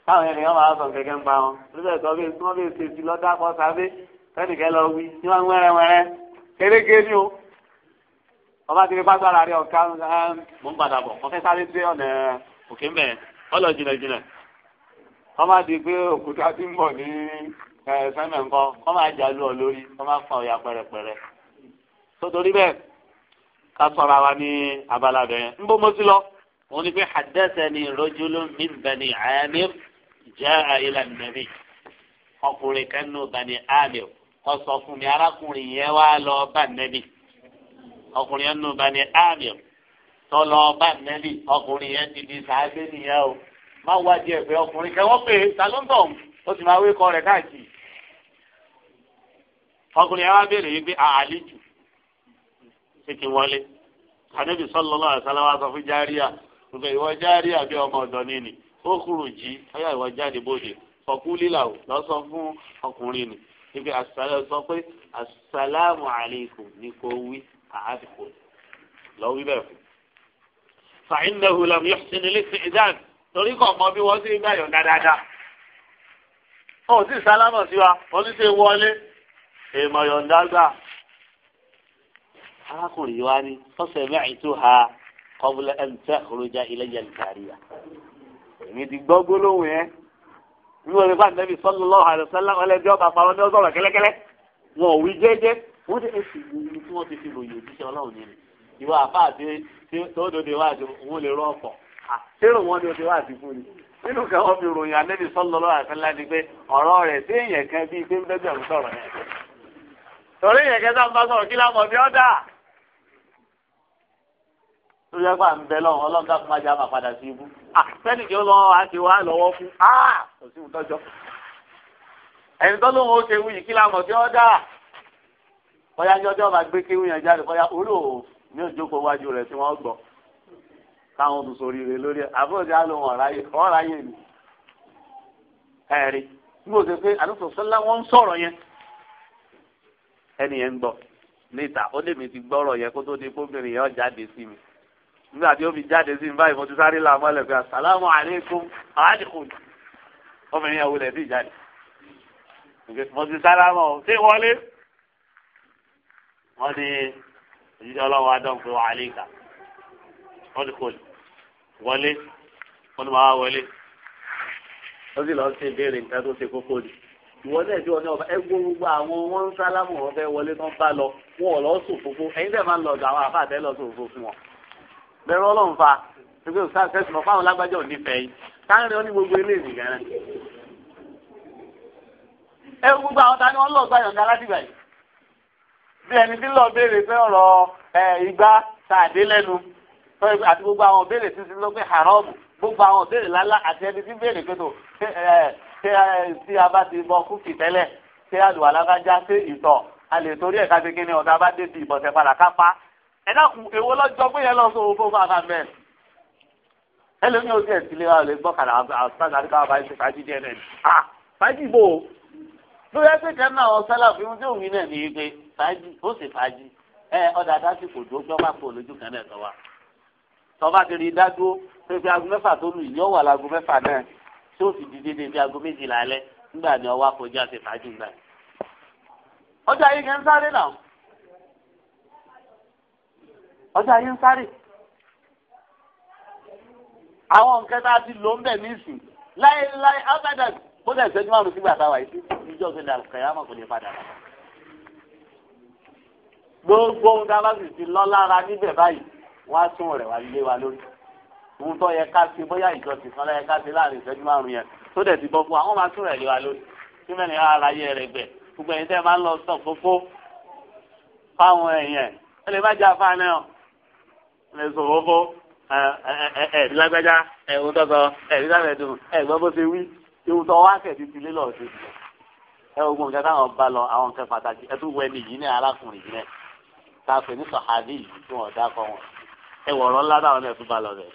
táwọn ènìyàn máa sọ gẹ́gẹ́ ń pa wọn lóṣèlú tó bí wọ́n bí ṣe ti lọ́dá kọ́ sábẹ́ fẹ́nìkẹ́ lọ wí ní wọ́n wẹ́rẹ́wẹ́rẹ́ kéréké ni o. ọba ti rí bá gbára rí ọ̀ká mọ̀ ń padà bọ̀ kọ́fẹ́ sáré dé ọ̀nà òkè ń bẹ̀rẹ̀ ọlọ́ jìnnà wọ́n máa di pé òkúta ti ń bọ̀ ní sẹ́mẹ̀ nǹkan wọ́n máa jà lù ọ lórí wọ́n máa fa ọ̀yà pẹ̀rẹ̀pẹ̀rẹ̀. sótórí bẹ́ẹ̀ ká sọ̀rọ̀ àwa ní abala bẹ̀rẹ̀ ń bó mo ti lọ wọ́n ní pé haddathani rajulun min bani amir jaa ila nabi ọkùnrin kan nù bani amir wọ́n sọ fún mi arákùnrin yẹn wá lọ bá nabi ọkùnrin yẹn nù bani amir tó lọ bá nabi ọkùnrin yẹn ti di sàábé nìyẹn o má wá di ẹ̀fẹ̀ ọkùnrin kẹ́ wọ́n pè é ta ló ń tọ̀ ó sì máa wé kọ́ rẹ̀ káàkiri. ọkùnrin yẹn wá béèrè yìí pé àhálí jù ṣé kí wọlé ànábì sallallahu alaihi wasallam sọ fún járíà gbogbo ìwọ járíà bí ọmọ ọ̀dọ́ nínú ó kúrò jí ọyá ìwọ jáde bóde sọkú lílà ò lọ fún ọkùnrin ni ibi àṣàlẹ sọ pé assalamu alaikum ni kò wí àhàbìkò lọ wí bẹ́ẹ̀ fún. fàáyín náà hùlọ̀ mi yọ̀ sínú ilé ìdáàbò torí kọ̀ mọ bí wọ́n sì ń gbàyàn dáadáa. ó sì sálámọ̀ sí wa wọ́n sì ṣe wọlé èèmọ̀ yọ̀ǹda gbà. arákùnrin wa ni ọ̀sẹ̀ mẹ́rin tó ha qabla an takhruja ilayya al-jariya. èmi ti gbọ́ gbólóhùn yẹn bí wọ́n ti bá nẹ́bí sallallahu alaihi wasallam ọlẹ́dẹ́ ọba pàrọ̀ ní ọ̀sọ̀rọ̀ kẹ́lẹ́kẹ́lẹ́ wọn ò wí jẹ́jẹ́ wọ́n ti èsì ìlú tí wọ́n ti fi lòyè òjíṣẹ́ ọlọ́run nílẹ̀ ìwọ àfáà tí tó dòde wájú òun lè rọ ọ̀pọ̀ àṣírò wọn ni o ti wá àti fún mi nínú kan wọn fi ròyìn anẹ́bí sọ́lọ́lọ́ àfẹ́lá ni pé ọ̀rọ̀ rẹ̀ sí èèyàn kan bíi pé ń bẹ́ẹ̀ bẹ́ẹ̀ sọ̀rọ̀ yẹn. torí èèyàn kẹta ń bá sọ̀rọ̀ kí lámọ̀ bí ọ́dà. tó yẹ kó à ń bẹ lọ́wọ́ ọlọ́gá fún ajá máa padà sí ibú. àfẹ́nì kí ó lọ́wọ́ á ti wá lọ́wọ́ fún kò sí ìtọ́jọ́. ẹni tó lóun ó ṣe wuyì kí lámọ̀ bí ọ́dà. bóyá ní máa gbé kéwìyàn jáde bóyá olóòó ní òjókòó wájú rẹ̀ tí wọ́n gbọ́ káwọn tún sórí rẹ lórí ẹ àbúrò tí a lò wọn ráyè wọn ráyè ni ẹ̀rí bí mo ṣe pé àlùfò sọlá wọn ń sọ̀rọ̀ yẹn ẹni yẹn ń gbọ́ níta ó lè mi ti gbọ́rọ̀ yẹn kó tó di kóbìnrin yẹn jáde sí mi nígbà tí ó fi jáde sí mi báyìí mo ti sáré làmọ́ ẹ̀ pé asàlámù àlékún àádìkùn obìnrin yẹn wulẹ̀ sí ìjáde mo ti sáré mọ́ ṣé wọlé wọ́n ní ọlọ́wọ́ adán pé wà kà wọ́n ti kò wọlé wọ́n ti máa wọlé wọ́n sì lọ sí ìbéèrè nǹkan tó ṣe kókó ni ìwọ náà tí wọn ní ọba ẹgbẹ́ gbogbo àwọn wọn ń sálámù wọn fẹ́ wọlé tán bá lọ wọn ò lọ sùn fúnfún ẹ̀yin tẹ́ máa ń lọ ọ̀dọ̀ àwọn àfa àtẹ lọ sùn fúnfún fún wọn. bẹ̀rù ọlọ́run fa pé o sáà fẹsùn ọ̀pá lágbájọ́ nífẹ̀ẹ́ yìí káàrin ní gbogbo ilé ìnìyàn rẹ. ẹ gbogbo àwọn ta ni wọn lọ àti gbogbo àwọn béèrè títí ló pé haram gbogbo àwọn béèrè lálá àti ẹni tí béèrè pé tó tí a bá ti bọ kúkì tẹ́lẹ̀ tí àlùwàlá bá já sí ìtọ̀ a lè torí ẹ̀ka ti kíni ọ̀dà bá dé ti ìbọ̀tẹ̀ padà ká pa ẹ dákun èwo lọ́jọ́ pé yẹn lọ sọ owó fún àbá mẹ́rin ẹlẹ́mi ò sí ẹ̀sìn lé wa lè gbọ́ kàdà àtúntàn àti káwa bá ṣe fàájì díẹ̀ náà ah fàájì bò ó lórí ẹgbẹ́ kan náà ọ sẹ́lá fi mú sí òun náà ní ibi fàájì ó sì fàájì ẹ tọ́ba ti rí i dájú pé fi aago mẹ́fà tó lù yìí yóò wà láago mẹ́fà náà tí ó sì di dédé fi aago méjìlá alẹ́ nígbà ni ọwọ́ akọjá ti fàájì gbà. ọjà yìí kẹ́ ń sáré náà ọjà yìí ń sáré àwọn nǹkan tá a ti lò ń bẹ̀ nísìn láéláé ábàdàn bó dẹ̀ ṣẹ́jú márùn-ún sígbà táwa yìí ìjọ gbé dàrú kẹ̀yà mọ̀ kò lè padà rà gbogbo ohun tá a bá sì ti lọ lára níbẹ̀ báyìí wọ́n á tún wá lé wa lórí ohun tó yẹ ká ṣe bóyá ìjọsìn kan láyẹ ká ṣe láàrin ìṣẹ́jú márùn yẹn tó dẹ̀ ti bọ́ fún wa wọ́n máa tún rẹ̀ lé wa lórí tí mẹ́rin ara yẹ rẹ̀ gbẹ̀ gbogbo ẹ̀yin tẹ́ máa ń lọ sọ fófó fáwọn èèyàn ẹ lè má jẹ́ afáàní ọ̀ ẹ sọ fófó ẹ ẹ ẹ lágbájá ẹ ohun tọ́tọ́ ẹ ní sábẹ̀ dùn ẹ gbọ́ bó ṣe wí ohun tó wá kẹ̀sì ti lé lọ́ọ̀ sí ẹ ogun nǹkan táwọn bá lọ àwọn nǹkan pàtàkì ẹ tún wẹ ní yìí arákùnrin yìí náà tá ní sọ̀hádì yìí tí wọ́n dákọ̀ wọn ẹ wọ̀rọ̀ ńlá táwọn náà tún bá lọ rẹ̀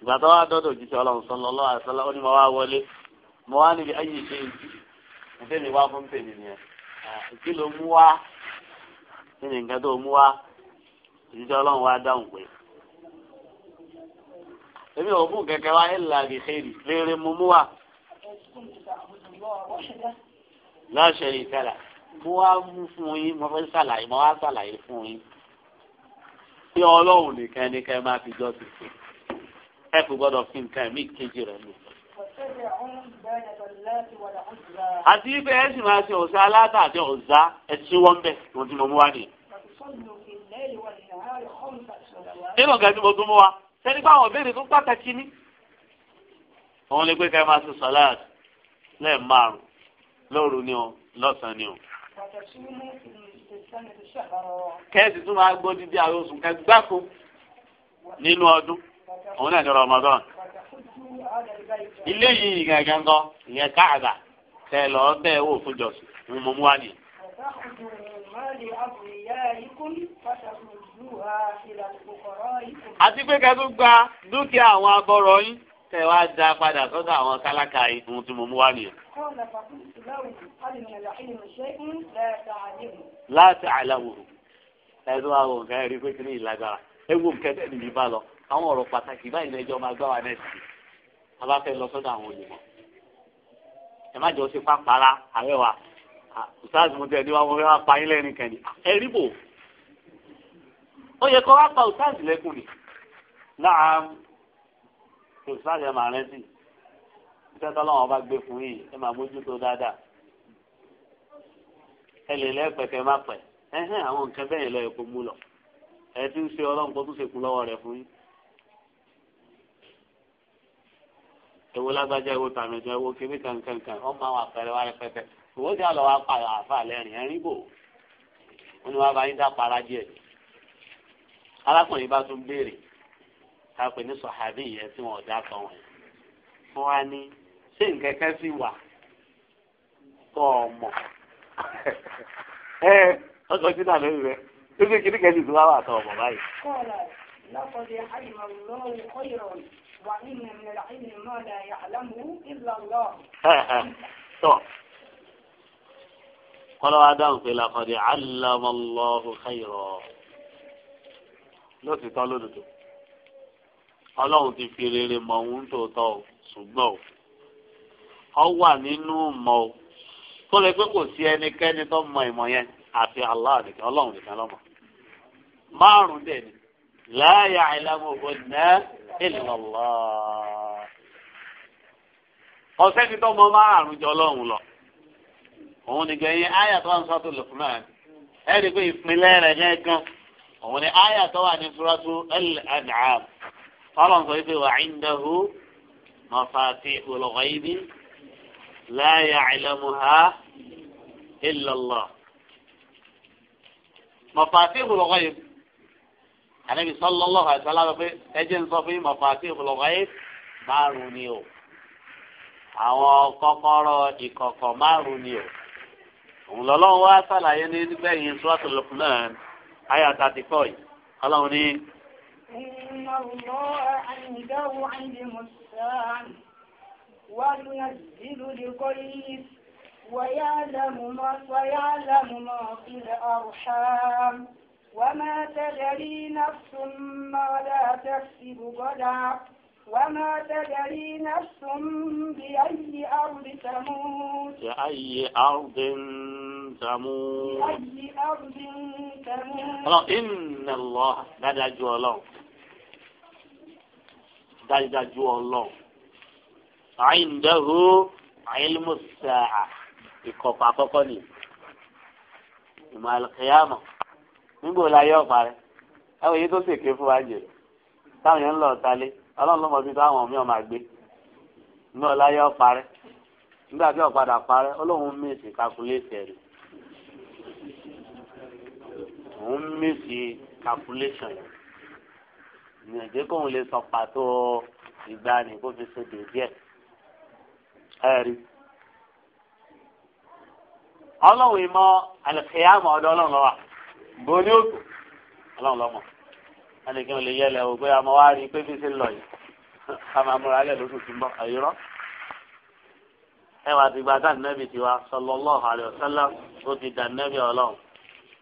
ìgbà tó wá dọ́dọ̀ òjíṣẹ́ ọlọ́run sallallahu alaihi wasallam ó ní mo wá wọlé mo wá níbi ayé ìṣe ìdí mo fẹ́ mi wá fún tèmi nìyẹn kí ló mú wá kí ni nǹkan tó mú wá òjíṣẹ́ ọlọ́run wá dáhùn pé èmi ò mú kẹ̀kẹ́ wá illa bi rere mo mú wá la sharika mo wá mú fún yín mo fẹ́ ṣàlàyé mo wá ṣàlàyé fún yín òfin ọlọ́run nìkan ni kẹ́ ẹ máa fi jọ́sìn sí ẹ kò gbọ́dọ̀ fi nǹkan mí kejì rẹ̀ lò. àti ibẹ̀ ẹ sì máa ṣe ọ̀sá aláta àti ọ̀sá ẹ tí wọ́n bẹ̀ wọ́n ti mọ̀ mú wá nìyẹn. nínú ọ̀gá tí mo tún mú wa sẹ́ni báwọn ìbéèrè tó pàtàkì ní. òun lè pé kẹ́ ẹ máa ṣe sọ́láàtì lẹ́ẹ̀ ún lóru ni o lọ́sàn-án ni o kẹ́ẹ̀sì tún máa gbọ́ dídí àwọn oṣù kẹgbàkó nínú ọdún òun náà ní Ramadan ilé yìí gàgán gan ìyẹn káàdà tẹ lọ bẹ́ẹ̀ wò fún jọ̀sùn ní mo mú wá nìyẹn. àti pé kẹ́tù gba dúkìá àwọn abọ́rọ̀ yín tẹ wá da padà sọ́dọ̀ àwọn tálákà yìí tí mo mú wá nìyẹn láti àìláwòrò ẹ̀dùn àwọn òǹkà ẹ̀rí pé kí ní ìlágbára ewu kẹ́kẹ́ nìyí bá lọ àwọn ọ̀rọ̀ pàtàkì báyìí lẹ́jọ́ máa gbá wa nẹ́ẹ̀sì abáfẹ́ lọ sọ́dọ̀ àwọn olùmọ̀ ẹ má jọ ṣe pápára ààrẹ wa ustaz mo tẹ̀ ní wa mo fẹ́ wá pa yín lẹ́rìn kẹ́ni ẹ̀rí bò ó yẹ kó wá pa ustaz lẹ́kùn ni náà ustaz ẹ̀ máa rántí iṣẹ́ tọ́lọ́wọ́n bá gbé fún yìí ẹ máa mójútó dáadáa ẹ lè lẹ́pẹ̀kẹ́ má pẹ̀ ẹ̀hẹ́n àwọn nǹkan bẹ́ẹ̀ yẹn lọ ẹ̀kọ́ mú lọ ẹ ti ń ṣe ọlọ́run kó tún ṣe kún lọ́wọ́ rẹ̀ fún yín. ewu lágbájá ewu tàmídùn ewu kébé kankankan wọn máa wà pẹ̀lẹ́ wá rẹpẹtẹ ìwọ tí a lọ wá pa àfa lẹ́rìn ẹ̀rín bò wọn ni wọn bá yín dá para díẹ̀ alákùnrin bá tún béèrè ká pè ní sọ̀hábì yẹn tí wọn ò dá kan wọn fún wa ní ṣé nkẹ́kẹ́ sì wà tó ọmọ. ẹ ọkọ tí náà lórí rẹ tó ṣe kí kẹ́sì tó wá wà tọ ọmọ báyìí. لقد علم الله خيرا وإن من العلم ما لا يعلمه إلا tó lè pé kò sí ẹnikẹ́ni tó mọ ìmọ̀ yẹn àfi Allah nìkan ọlọ́run nìkan lọ́mọ. márùn-ún dẹ̀ ni la ya'lamuhunna illa Allah. ọ̀sẹ́ ni tó mọ márùn-ún jọ ọlọ́run lọ. òun ni gbẹ̀yìn àyà tó ń sọ́tò Luqman ẹ̀ rí pé ìpínlẹ̀ rẹ̀ yẹn gan. òun ni àyà tó wà ní suratu al ọlọ́run sọ wípé wa 'indahu mafatihul ghaibi. لا يعلمها إلا الله مفاتيح الغيب النبي صلى الله عليه وسلم ẹjẹ ń sọ fún مفاتيح الغيب márùn ni o àwọn kọ́kọ́rọ́ ìkọ̀kọ̀ márùn ni o òun lọ́lọ́run wá sàlàyé ní gbẹ̀yìn sọ́ọ̀tù lukman ayat thirty four yìí ọlọ́run ní. إن الله عنده علم الساعة وننزل الغيث ويعلم ما, ويعلم ما في الأرحام وما تدري نفس ماذا تكسب غدا وما تدري نفس بأي أرض تموت بأي أرض تموت بأي أرض تموت إن الله لا دجو الله دجو àyìndáhù àyìnmùsàá ìkọ̀pọ̀ àkọ́kọ́ ni ìmọ̀ àlùkìyàmọ̀ nígbò láyé ọ̀pá rẹ̀ ẹ̀wọ̀ yìí tó sì ké fún wa jẹ táwọn yẹn ń lọ talé ọlọ́run ló mọ bí táwọn mí ọmọ àgbé ní ọláyé ọ̀pá rẹ̀ nígbà tí ọ̀padà parẹ́ ọlọ́run mí èsì kakuléètì ẹ̀rí òun mí èsì kakuléṣàn yẹn ìyànjẹ́ kóun lè sọ pàtó ìgbani kó fi ṣe dèjì ẹ̀ ẹ̀rí. ọlọ́run ìmọ̀ àlùkìyàmọ̀ ọ̀dọ̀ ọlọ́run lọ́wọ́ bó ní òkú ọlọ́run lọ́mọ. ẹnìkan ò lè yẹlẹ̀ o pé ọmọ wa rí i pé bí ṣe ń lọ yìí ká *laughs* máa múra alẹ́ lóṣù tó ń bọ̀ àyírọ́. ẹ wà ti gba dànẹ́bì tiwa sallallahu alaihi wasallam ó ti dànẹ́bì ọlọ́run.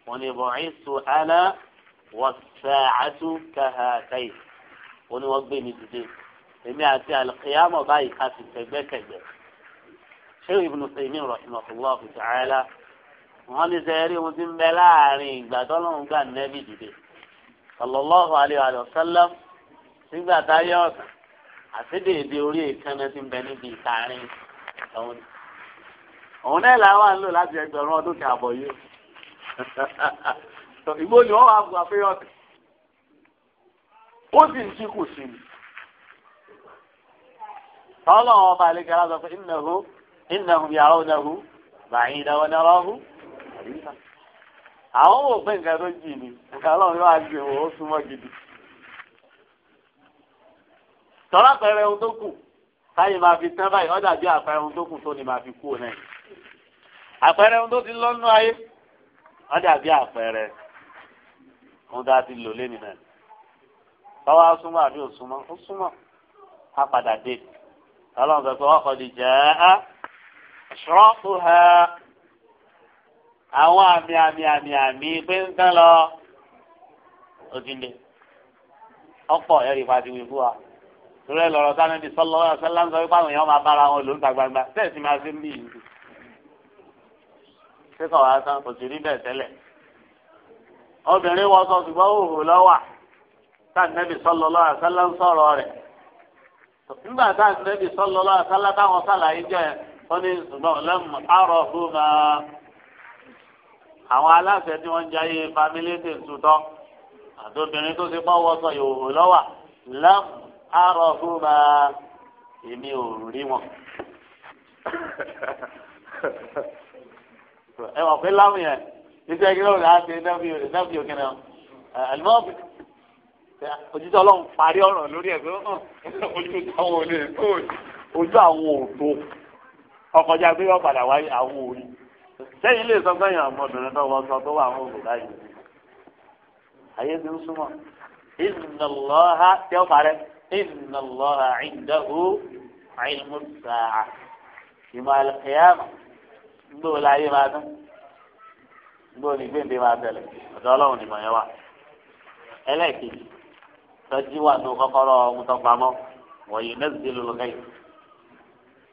wọn ni bọ̀ ẹ́ sùn ẹlẹ́ wọ́n sàátú kàhàkàyè. wọn ni wọ́n gbé mi dìde èmi àti àlùkìyàmọ̀ báyìí ká sì tẹ̀gbẹ́kẹ̀gbẹ́ ṣéwì ibùdó sèmi rahimahullahu ta'ala wọn ní sẹ́yẹ́rì wọn ti ń bẹ láàrin ìgbà tọ́lọ́run gbà nẹ́bí dìde sallallahu alayhi wa sallam nígbà táyé ọ̀sán àti dèédé orí èékánná ti ń bẹ níbi ìtaarin ọ̀hún ni òun náà làwọn à ń lò láti ẹgbẹ̀rún ọdún kan àbọ̀ yìí *laughs* ìgbó ni wọ́n wá gbà pé ọ̀sẹ̀ ó sì ń ṣí kù sí mi. tọ́lọ́ ọba àlekẹ́lá sọ pé ìnáwó innahum yarawnahu ba'idan wa narahu qariban àwọn wò pé nǹkan tó jì ní nǹkan ọlọ́run yóò àgbè wò ó súnmọ́ gidi. tọ́lá pẹ̀rẹ̀ ohun tó kù táyé máa fi tán báyìí ọ̀dà bí àpẹẹrẹ ohun tó kù tó ní máa fi kú ò náà. àpẹẹrẹ ohun tó ti lọ́nú ayé ọ̀dà bí àpẹẹrẹ ohun tó a ti lò lẹ́nu náà. tọ́wọ́ súnmọ́ àbí òsúnmọ́ ó súnmọ́ á padà dé. ọlọ́run sọ pé wọ́n kọ́ di jẹ́ ẹ́ àṣírọ́fùhà àwọn àmì ami ami ami ami ń tán lọ òdìlé ọ̀pọ̀ ẹ̀rí ìpàdé wí fún wa torí ẹ lọ́rọ̀ sáré bíi sọ́lọ́ ọ̀rọ̀ sẹ́lá ń sọ wípé àwọn ma máa bára wọn lò ń ta gbangba obìnrin sọ ṣùgbọ́n òhò lọ́wà sọ́lọ́ wọ́n ní ṣùgbọ́n lẹ́mú àrọ̀ fún ma àwọn aláṣẹ tí wọ́n ń jayé family ti ń tutọ́ àtòbìnrin tó ti pọ́wọ́ sọ yòówó lọ́wà lẹ́mú àrọ̀ fún ma èmi ò rí wọn. ẹ wọ̀ pé láwùn yẹn iṣẹ́ kí lóòrùn á ṣe nẹ́bí òkè náà àlùmọ́ọ̀bì òjijì ọlọ́run parí ọ̀rọ̀ lórí ẹ̀ pé ojú àwọn òde ojú àwọn òdo ọkọjá pé yóò padà wáyé àwọn òòrì sẹ́yìn lè sọ sẹ́yìn ọmọbìnrin náà wọ́n sọ tó wà àwọn òòrì báyìí ayé ti ń súnmọ́ ìnàlọ́ha tí ó parẹ́ ìnàlọ́ha ìdáhù àìmùsàá ìmọ̀ àlùkìyàmù gbọ́ láyé máa tán gbọ́ ní gbèǹde máa tẹ̀lé ọ̀dọ́ ọlọ́run ni mọ̀nyẹ́ wa ẹlẹ́ẹ̀kejì tọ́jú wà ní kọ́kọ́rọ́ ọmọ tó pamọ́ wọ̀nyí mẹ́sìlélógún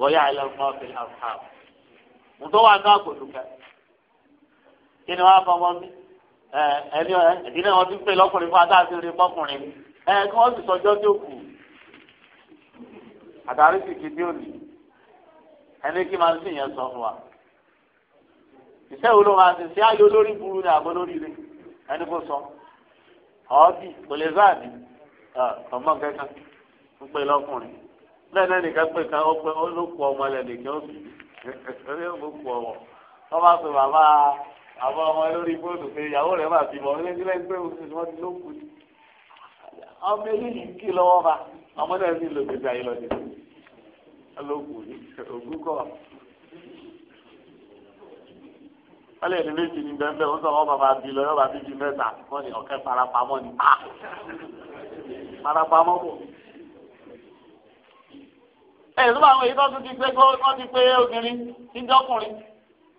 wọ́yà ẹlẹ́gbọ́n fi àfà ntọ́ wà ní àkóso kẹ kí ni wọ́n á fọwọ́ mi ẹ ẹni ẹ ìdílé wọn ti ń pè lọ́kùnrin fún adáàbí rẹ mọ́kùnrin ẹ kí wọ́n sì sọjọ́ tí ó kù àtàrí sì kí tí ó nì ẹni kí máa ń sìn yẹn sọ fún wa ìṣe wo ló máa ṣe ṣé ayé olórí burú ni àbọ̀ lórí rẹ ẹni kò sọ ọ́ọ́dì kò lè záàdì ọmọ kẹta ń pè lọ́kùnrin bẹ́ẹ̀ náà pé kan ó pé ọmọ lẹ̀ ó sì ó ló ọmọ wọ́n bá pe bàbá àwọn ọmọ lórí fóònù pé ìyàwó rẹ̀ bá bímọ ilé nílẹ̀ ń pé oṣù tí wọ́n ti ló kú ọmọ eléyìí ń kí lọ́wọ́ bá ọmọ náà sì lò gbèsè ayé lọ́dẹ ló ní ògùn kọ́ wọ́n lè ní méjì ní bẹ́ẹ̀ bẹ́ẹ̀ wọ́n sọ wọ́n bàbá bí lọ yọba bíbí mẹ́ta wọ́n ọ̀kẹ́ farapamọ́ ni ah! ẹ̀yìn tó bá àwọn èyí tó tún ti pé wọ́n ti pé obìnrin ti dọ́kùnrin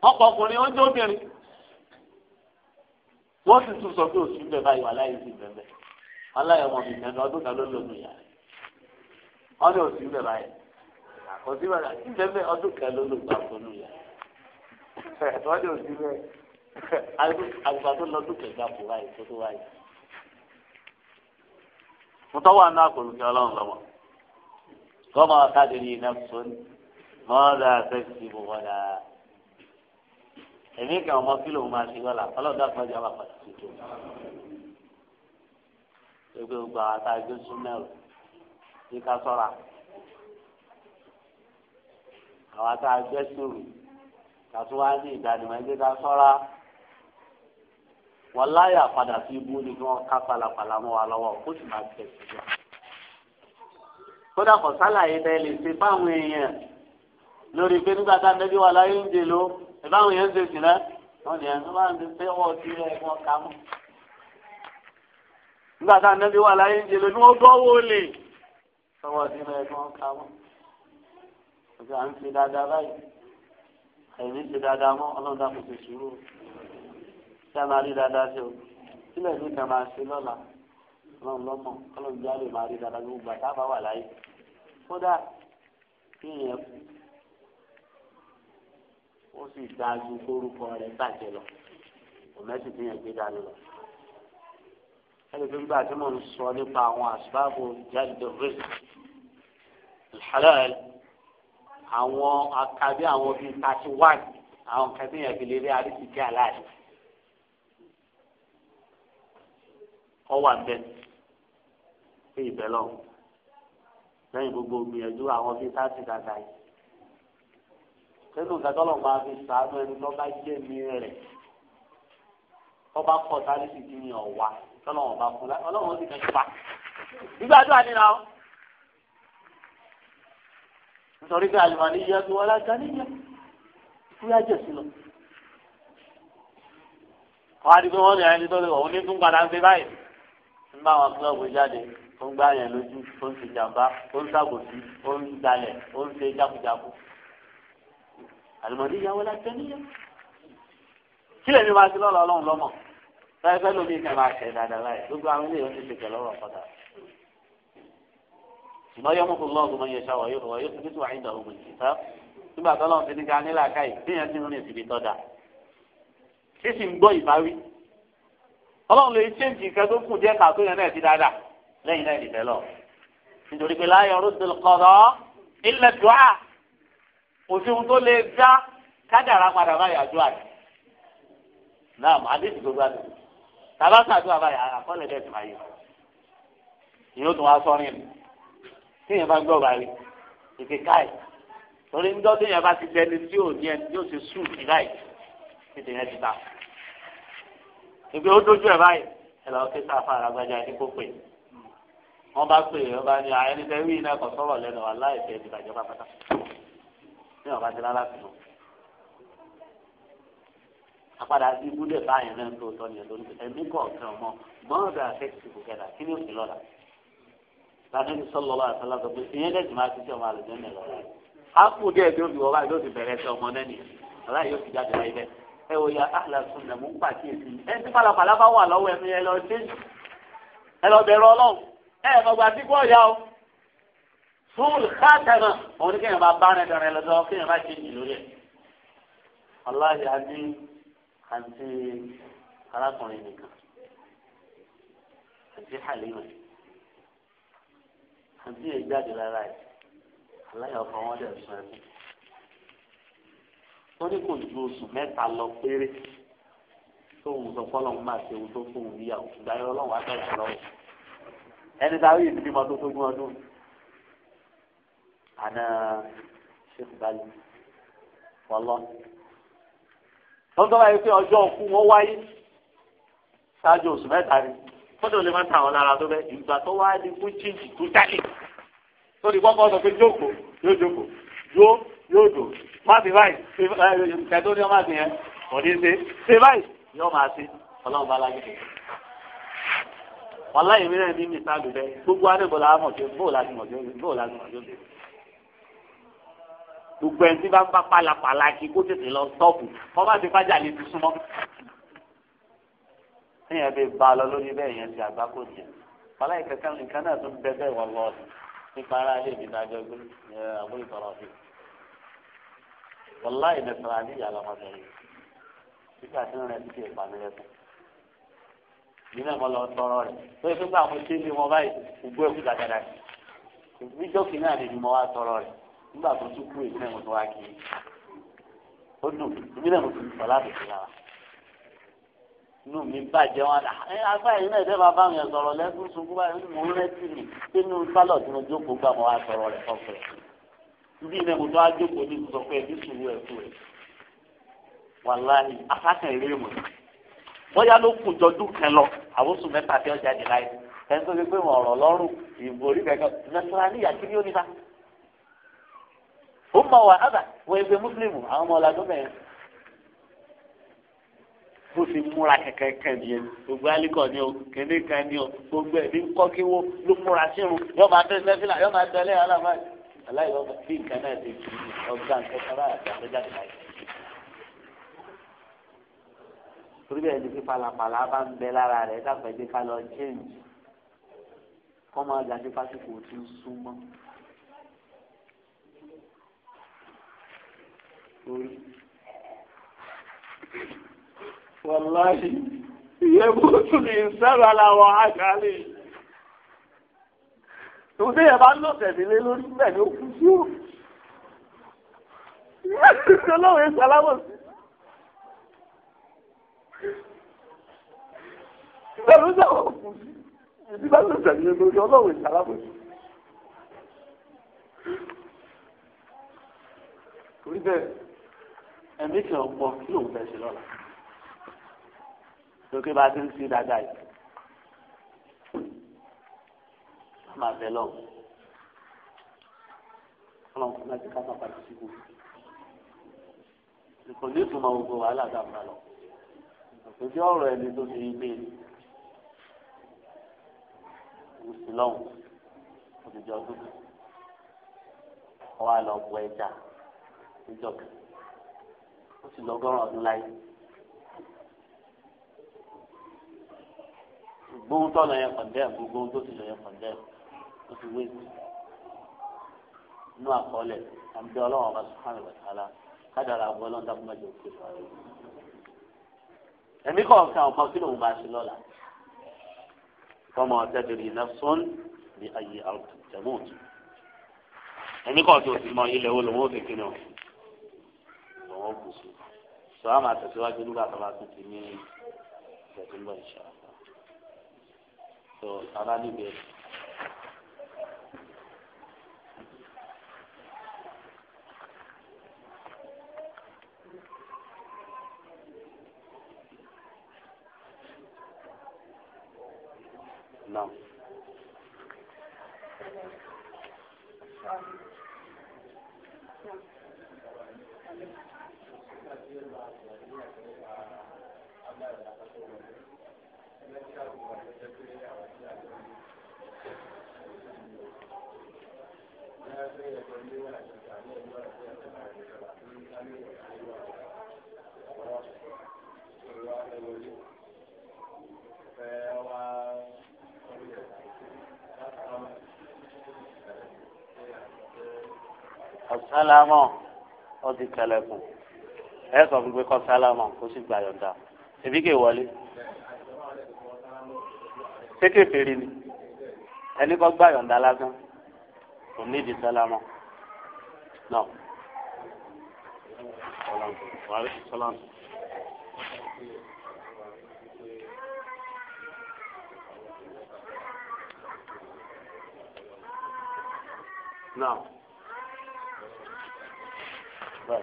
ọkọ̀ ọkùnrin ó jẹ́ obìnrin wọ́n sì tún sọ pé òsì ń bẹ̀ báyìí wà láyé sí bẹ̀bẹ̀ aláyọ̀mọ mi nẹ́nu ọdún kan ló lómi yà wọ́n ní òsì ń bẹ̀ báyìí òsì ń bẹ̀ báyìí bẹ̀bẹ̀ ọdún kan ló lómi gbàgbọ́ ló yà wọ́n ní òsì ń bẹ̀ àgbà tó lọ́dún kẹgbà kọ́mọ ọ̀tàdìrì nẹ́pùsùn mọ́ọ́dà tẹ́kìtì bùbọ́dà. èmi kàn ọmọ kílò máa ṣe wọ́lá ọlọ́dà fọjá wà pàtàkì tó. gbogbo gbogbo àwọn àtàgbé súnmẹ́rù ní ká sọ́ra. àwọn àtàgbé sùúrù kàtó wá ní ìdánimọ̀ ẹgbẹ́ ká sọ́ra. wọ́n láyà padà sí ibú ni kí wọ́n ká palapàla mọ́ wa lọ́wọ́ kó sì máa tẹ̀síwájú kódà kò sálàyé tẹ lè ṣe fáwọn èèyàn lórí pé nígbà tá nẹbí wà láyé ń dè ló ìbáwọn èèyàn ń ṣe sìn náà wọn ni ẹni máa ń fi pé wọn ti rẹ wọn kà mọ. nígbà tá nẹbí wà láyé ń dè ló ni wọn gbọ́ wó lè wọn ti rẹ wọn kà mọ. ọjọ́ à ń ṣe dáadáa báyìí ẹ̀mí ṣe dáadáa mọ́ ọlọ́dà kò ṣe sùúrù kí a máa rí dáadáa ṣe o sílẹ̀ ní ìtàn máa ṣe lọ́la ọlọ́run lọ́mọ ọlọ́run jálè máa rí dáadáa gbogbo àtàbà wà láyé kódà kí yẹn kú ó sì dáa ju kórúkọ rẹ̀ bàjẹ́ lọ òmẹ́sì tí yẹn gbé dání lọ. ẹni tó ń gbà tí mò ń sọ nípa àwọn àṣìbáàbò jáde rẹ̀ ìṣàlẹ̀ àwọn akadé àwọn bíi thirty one àwọn kan yẹn fi lè rí àríṣìkí aláàdì. ọwọ́ àbẹ fún ìbẹ́lọ́hùn lẹ́yìn gbogbo gbìyànjú àwọn bíi sáàtì dàda yìí nínú ìdájọ́lọ̀ máa fi sàánú ẹni tó bá jẹ́ mi rẹ̀ tó bá pọ̀ sáré sì ti yàn wá tọ́lọ́wọ́n bá fún láti ọlọ́wọ́n sì kẹ́kẹ́ pa gbígbàdúrà nínú àwọn nítorí pé àlùmọ́ ní yẹ kí wọ́n lájà níyẹ fúyà jẹ̀ sí lọ. wọ́n á di pé wọ́n ní ẹni tó ní tún padà ń ṣe báyìí ń bá àwọn akílọ̀bù jáde ó ń gbá yẹn lójú ó ń ṣe jàmbá ó ń ṣàbòsí ó ń dalẹ̀ ó ń ṣe jákujáku àlùmọ̀dé ìyàwó lájẹ́ níyẹn kí lèmi máa ti lọ́la ọlọ́run lọ́mọ láì fẹ́ lómi ìkà máa tẹ̀ dáadáa láì gbogbo àwọn ilé ìwé ti ṣe kẹlẹ́ ọ̀rọ̀ padà ṣùgbọ́n yọmọ kò lọ́ọ̀gù mọ iye ṣáwọ̀ yóò wọ́n yóò fi tó àyíǹda ògùn ìṣìṣẹ́ nígbà tó lọ́n ti ní ká nílà káyì téèyàn ti rìn síbi tọ́da sísì ń gbọ́ ìbáwí ọlọ́run lè ṣéǹtì nǹkan tó kù díẹ̀ kàtó yẹn náà ti dáadáa lẹ́yìn náà ìdìbẹ́ lọ. nítorí pé láyọ̀ rúdùn kọ̀dọ̀ ilẹ̀ dùá òsì ohun tó lè dá kádàrá padà báyà dùá rẹ̀. náà mà á dé ìdìbò gbàdùn. tàbá sàdúrà báyà àkọọ́lẹ̀ bẹ́ẹ̀ ti máa yẹ. ìyóò tún wá sọ́rin mi. tíyẹn bá gbọ́ bàrí ìfi káì. torí ńjọ́ tíyẹn bá ti dẹni tí ò ní ẹni tí ó sùn sí láì tètè yẹn ti ta. ìgbé ó dójú ẹ̀ báyìí ẹ̀ wọn bá pè é wọn bá ní àyẹnì fẹ wí iná kan sọ̀rọ̀ lẹ́nu wa láì fẹ ti bàjẹ́ pátá ní ọba ti lára sínú apadà sí ibùdó báyìí náà tó tọ́ ni ẹ̀ lórí ẹ̀mí kọ̀ọ̀kan ọmọ mọ́ọ̀dà fẹ́ẹ́sì bùkẹ́dà kí ni òfin lọ́la lànàbí sọlọ lọ àtàlà tó pé ìyẹn dẹ̀ jùmọ̀ àti tí ọmọ àlùjọ ń lọ rẹ̀ ápù díẹ̀ tó fi wọ́n báyìí yóò ti bẹ̀rẹ̀ ẹsẹ̀ ọmọ náà nìyẹn ọ̀la yóò fi jáde láyé bẹ́ẹ̀ ẹ wò ya àhlà sùn nà mú pàkíyèsí ẹ ti pàlàpàlà bá wà lọ́wọ́ ẹ̀mí ẹ mọ̀gbà tí kò yá o fún kátàmà òun ní kéèyàn bá bá rẹ dọ̀rẹ́ lọ́dọ̀ kéèyàn bá ṣe jì lórí ẹ̀. aláàjì àti àti arákùnrin nìkan àti Halima àti ìjáde lára ẹ̀ aláyọ̀ ọkọ̀ wọn dẹ̀ sọ ẹ̀ wọ́n ní kò ju oṣù mẹ́ta lọ péré tóun sọ fọ́lọ́hún máa ṣe ohun tó fóun níyàwó ìgbà yẹn ọlọ́run á bẹ̀rẹ̀ lọ́wọ́ ẹni tá a rí ìdílé mọ́tò tó gún ọdún àná ṣèkú balẹ̀ wọlọ́ tọ́jọ́ báyìí pé ọjọ́ òkú wọn wáyé ṣáájú oṣù mẹ́ta ni fọ́tò lè má ta àwọn lára tó bẹ́ ìgbà tó wá ní kú chíǹtì tó jáde sórí kọ́kọ́ sọ pé jókòó yóò jókòó yóò yóò dò má fi báyìí kẹtó ni wọ́n má fi yẹn kò ní ṣe ṣe báyìí yóò máa ṣe ọlọ́run bá lágbègbè wàlá yìí mìíràn ní mísàlù rẹ gbogbo adébọlá amọ̀jọ bóòlù àti mọ̀jọ bóòlù àti mọ̀jọ bẹ̀rẹ̀. gbogbo ẹni tí bá ń bá pàlàpàlà kí kó tètè lọ sọ́ọ̀bù wọ́n bá ti fájà lè fi súnmọ́. téèyàn bẹ bá a lọ lórí bẹ́ẹ̀ yẹn ti àgbá kò jẹ wàlá yìí kankan nìkan náà tún bẹ bẹ́ẹ̀ wọ́n lọ nípa ara ilé mi dájọ́ gbé àbúrò ìtọ́rọ̀ fi. wàlá ìdẹ̀sọ̀rọ̀ àdíyà lọ́mọdé yìí yìí náà mo lọ tọrọ rẹ lórí pé pé àwọn tí ń bí wọn báyìí gbogbo ẹkú dáadáa níjọ́ kìíní àlè ni mo wá tọrọ rẹ nígbà tó tún kú èyí náà mo tún wá kí ó dùn èmi náà mo tún sọ láti fi lára inú mi bàjẹ́ wọn dà ẹ afá yìí náà ìdẹ́gbà bá mi sọ̀rọ̀ lẹ́kùn sunkún báyìí mo ń rẹ́tì mi nínú sálọ̀ tí mo jókòó gbà mo wá tọrọ rẹ fọ́fẹ́ ibi mo tún bóyá ló kù jọdún kan lọ àwọn oṣù mẹ́ta tí ọjà dì láyé ẹni tó ṣe pé wọn ọ̀rọ̀ lọ́rùn ìbò orí kankan nàṣàlàní àti ní oníta. ó mọ wà ábà wọ ẹgbẹ́ mùsùlùmù àwọn ọmọ ọ̀làdún mẹ́rin. bó ti múra kẹ̀kẹ́ kan nìyẹn gbogbo alikọ ni o kéde kan ni o gbogbo ẹbí ń kọ́ ló múra sírun yọ máa tẹ́ sẹ́fìlà yọ máa tẹ́lẹ̀ aláìlọ́gbà bí nǹkan náà ti fi ọgbà nǹkan kan láàrín àti láyé. torí bẹ́ẹ̀ ni fífa làpàlà bá ń bẹ lára rẹ̀ dàgbà jẹ́ ká lọ change kọ́mọ ọjà ní fásitì ò ti ń súnmọ́. orí wàláhì ìyẹ́ bóòtù ní sára làwọn àgàlè. Ìwọ́n tẹ́yẹ̀ bá lọ tẹ̀lé lé lórí bẹ́ẹ̀ ni ó kú sí ó. Ìyá ìṣẹ́ lọ́wọ́ ìṣẹ́ aláwọ̀ sí. ẹ̀rọ torí bẹ́ẹ̀ ẹ̀mí kan mọ kí lòun fẹ́ ṣe lọ́la lókè bá ti ń sí dáadáa yìí a máa bẹ lọ́wọ́ ọlọ́run kò láti ká bàbá tó ti kú ìkànnì ìtumọ̀ gbogbo wàhálà dàbà lọ òjò ọ̀rọ̀ ẹni tó ti gbé ni ti sí lọ́hùn ó ti jẹ ọdún kan ó wá lọ bu ẹja níjọ kan ó sì lọ́gọ́rùn ọdún láyé. gbóhùn tó lọ yẹn kọ̀ndẹ́ẹ̀ gbóhùn tó sì lọ yẹn kọ̀ndẹ́ẹ̀ ó ti wé sí inú àkọọ́lẹ̀ àbí ọlọ́run ọba sùkánù bàtàlá kádàrà àbọ̀ ọlọ́run dákúmọ̀jọ òkè. ẹ̀mí kọ̀ọ̀kan ọ̀kan kí lòun bá ṣe lọ́la fọmọ tẹ́tìrì nẹ́fọ́n ní ayé àtẹ̀mọ́t. ẹni kan tó ti mọ ilẹ̀ wo lòun ó fi kíni o lòun ó kù sí. sọ àmà tẹ̀síwájú nígbà tó bá tún ti ní ìtẹ̀síwájú ìṣàlá. tó ara níbi ẹ̀sìn. sálámọ̀ ó ti kẹlẹ̀kùn ẹ sọ fún pé kọ́ sálámọ̀ kó sì gba yọ̀ǹda èbí kè wọlé sékè fèrè ni ẹni kọ́ gba yọ̀ǹda lásán kò ní ìdí sálámọ̀ náà. Salam. Ah, *clears throat*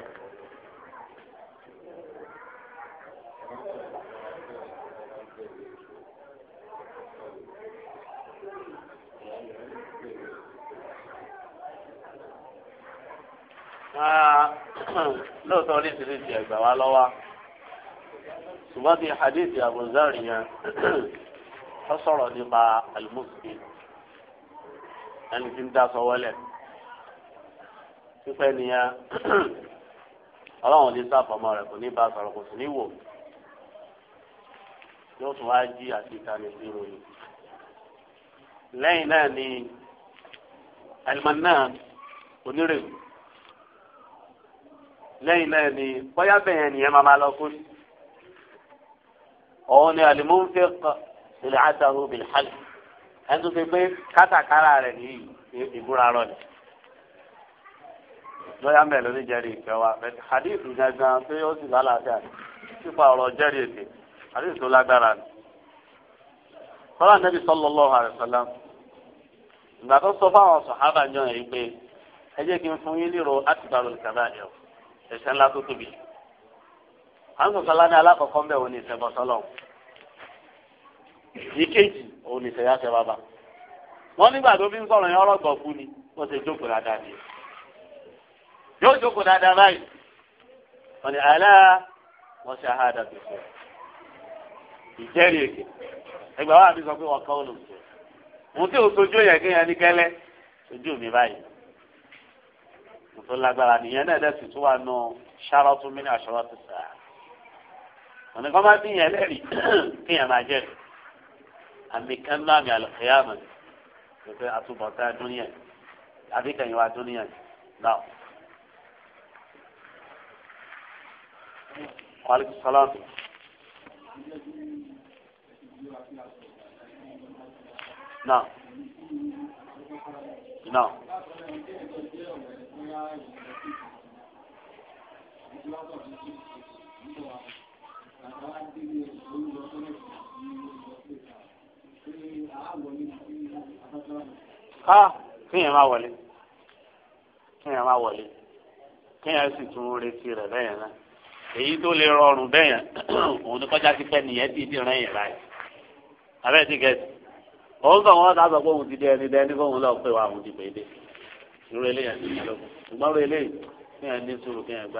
lóòótọ́ oríṣiríṣi ẹ̀gbà wa lọ́wọ́ ṣùgbọ́n bíi hadithi abuzari yẹn *clears throat* ó sọ̀rọ̀ nípa alimusufi ẹni tí ń dá sọ wọlé pípẹ́ nìyẹn. *clears throat* ọlọ́run ní sáfọmọ rẹ kò ní bá sọ̀rọ̀ kò sì ní wò yóò tún wá jí àti ìtàní sí ìròyìn lẹ́yìn náà ni alimọ́nà onírèwù lẹ́yìn náà ni bóyá bẹ́ẹ̀ nìyẹn máa máa lọ kú sí òun ni alimọ́nfẹ́ kọ ìlẹ̀ àtàwọn obìnrin hàlẹ̀ ẹni tó ṣe pé kátàkárà rẹ̀ ní ìbúra rọ̀ ni. lọ́yà mẹ́ lórí jẹ́rìí ìfẹ́ wa hadith gangan pé ó sì lálàáfíà nípa ọ̀rọ̀ jẹ́rìí èdè hadith tó lágbára ni. kọ́lá nẹ́bí sallallahu alaihi wasallam ìgbà tó sọ fáwọn sọ̀hábà yìí pé ẹ jẹ́ kí n fún yín nírò àtìbárò ìkàbá ẹ̀ ẹ̀ṣẹ̀ ńlá tó tóbi. alákọ̀ọ́kọ́ ń bẹ̀ ní ìkejì òun bàbá nígbà tó fi ń sọ̀rọ̀ yẹn yóò jókòó dáadáa báyìí wọn ni àlá wọn ṣe àhádà tó sọ ìjẹrìí èké ẹgbà wa mi sọ pé wọn kàn ó lò sọ òun tí o sojú yẹn kéèyàn ní kẹlẹ sojú mi báyìí mo tó lágbára nìyẹn náà dẹ́sì tó wà nù ṣárọ́tún mi ní aṣọ́rọ́tún sáà wọn ni kọ́ máa bí yẹn lẹ́rìí *clears throat* kéèyàn máa jẹ́rìí àmì kan náà mi àlùkìyàmù pé àtúbọ̀tá dúníyàn àbíkẹ́yìn wa dúníyàn náà. Aleyhi salaam. Náà. Náà. Ha kínyẹn máa wọlé kínyẹn máa wọlé kínyẹn sì tún retí rẹ̀ bẹ́yẹn náà. èyí tó lè rọrùn bẹ́ẹ̀ yẹn òun ni kọjá sí fẹ́ nìyẹn ti di rẹ́yìn láì abẹ́ ti gẹ̀ òun sọ di ẹni dẹni fóun lọ pé wà òun ti pè irú eléyàn ti yẹn lókun ṣùgbọ́n irú yẹn ní sùúrù yẹn yẹn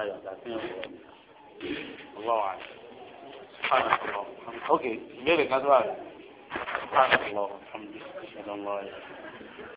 wọ̀ wa ok ìbéèrè kan tó wà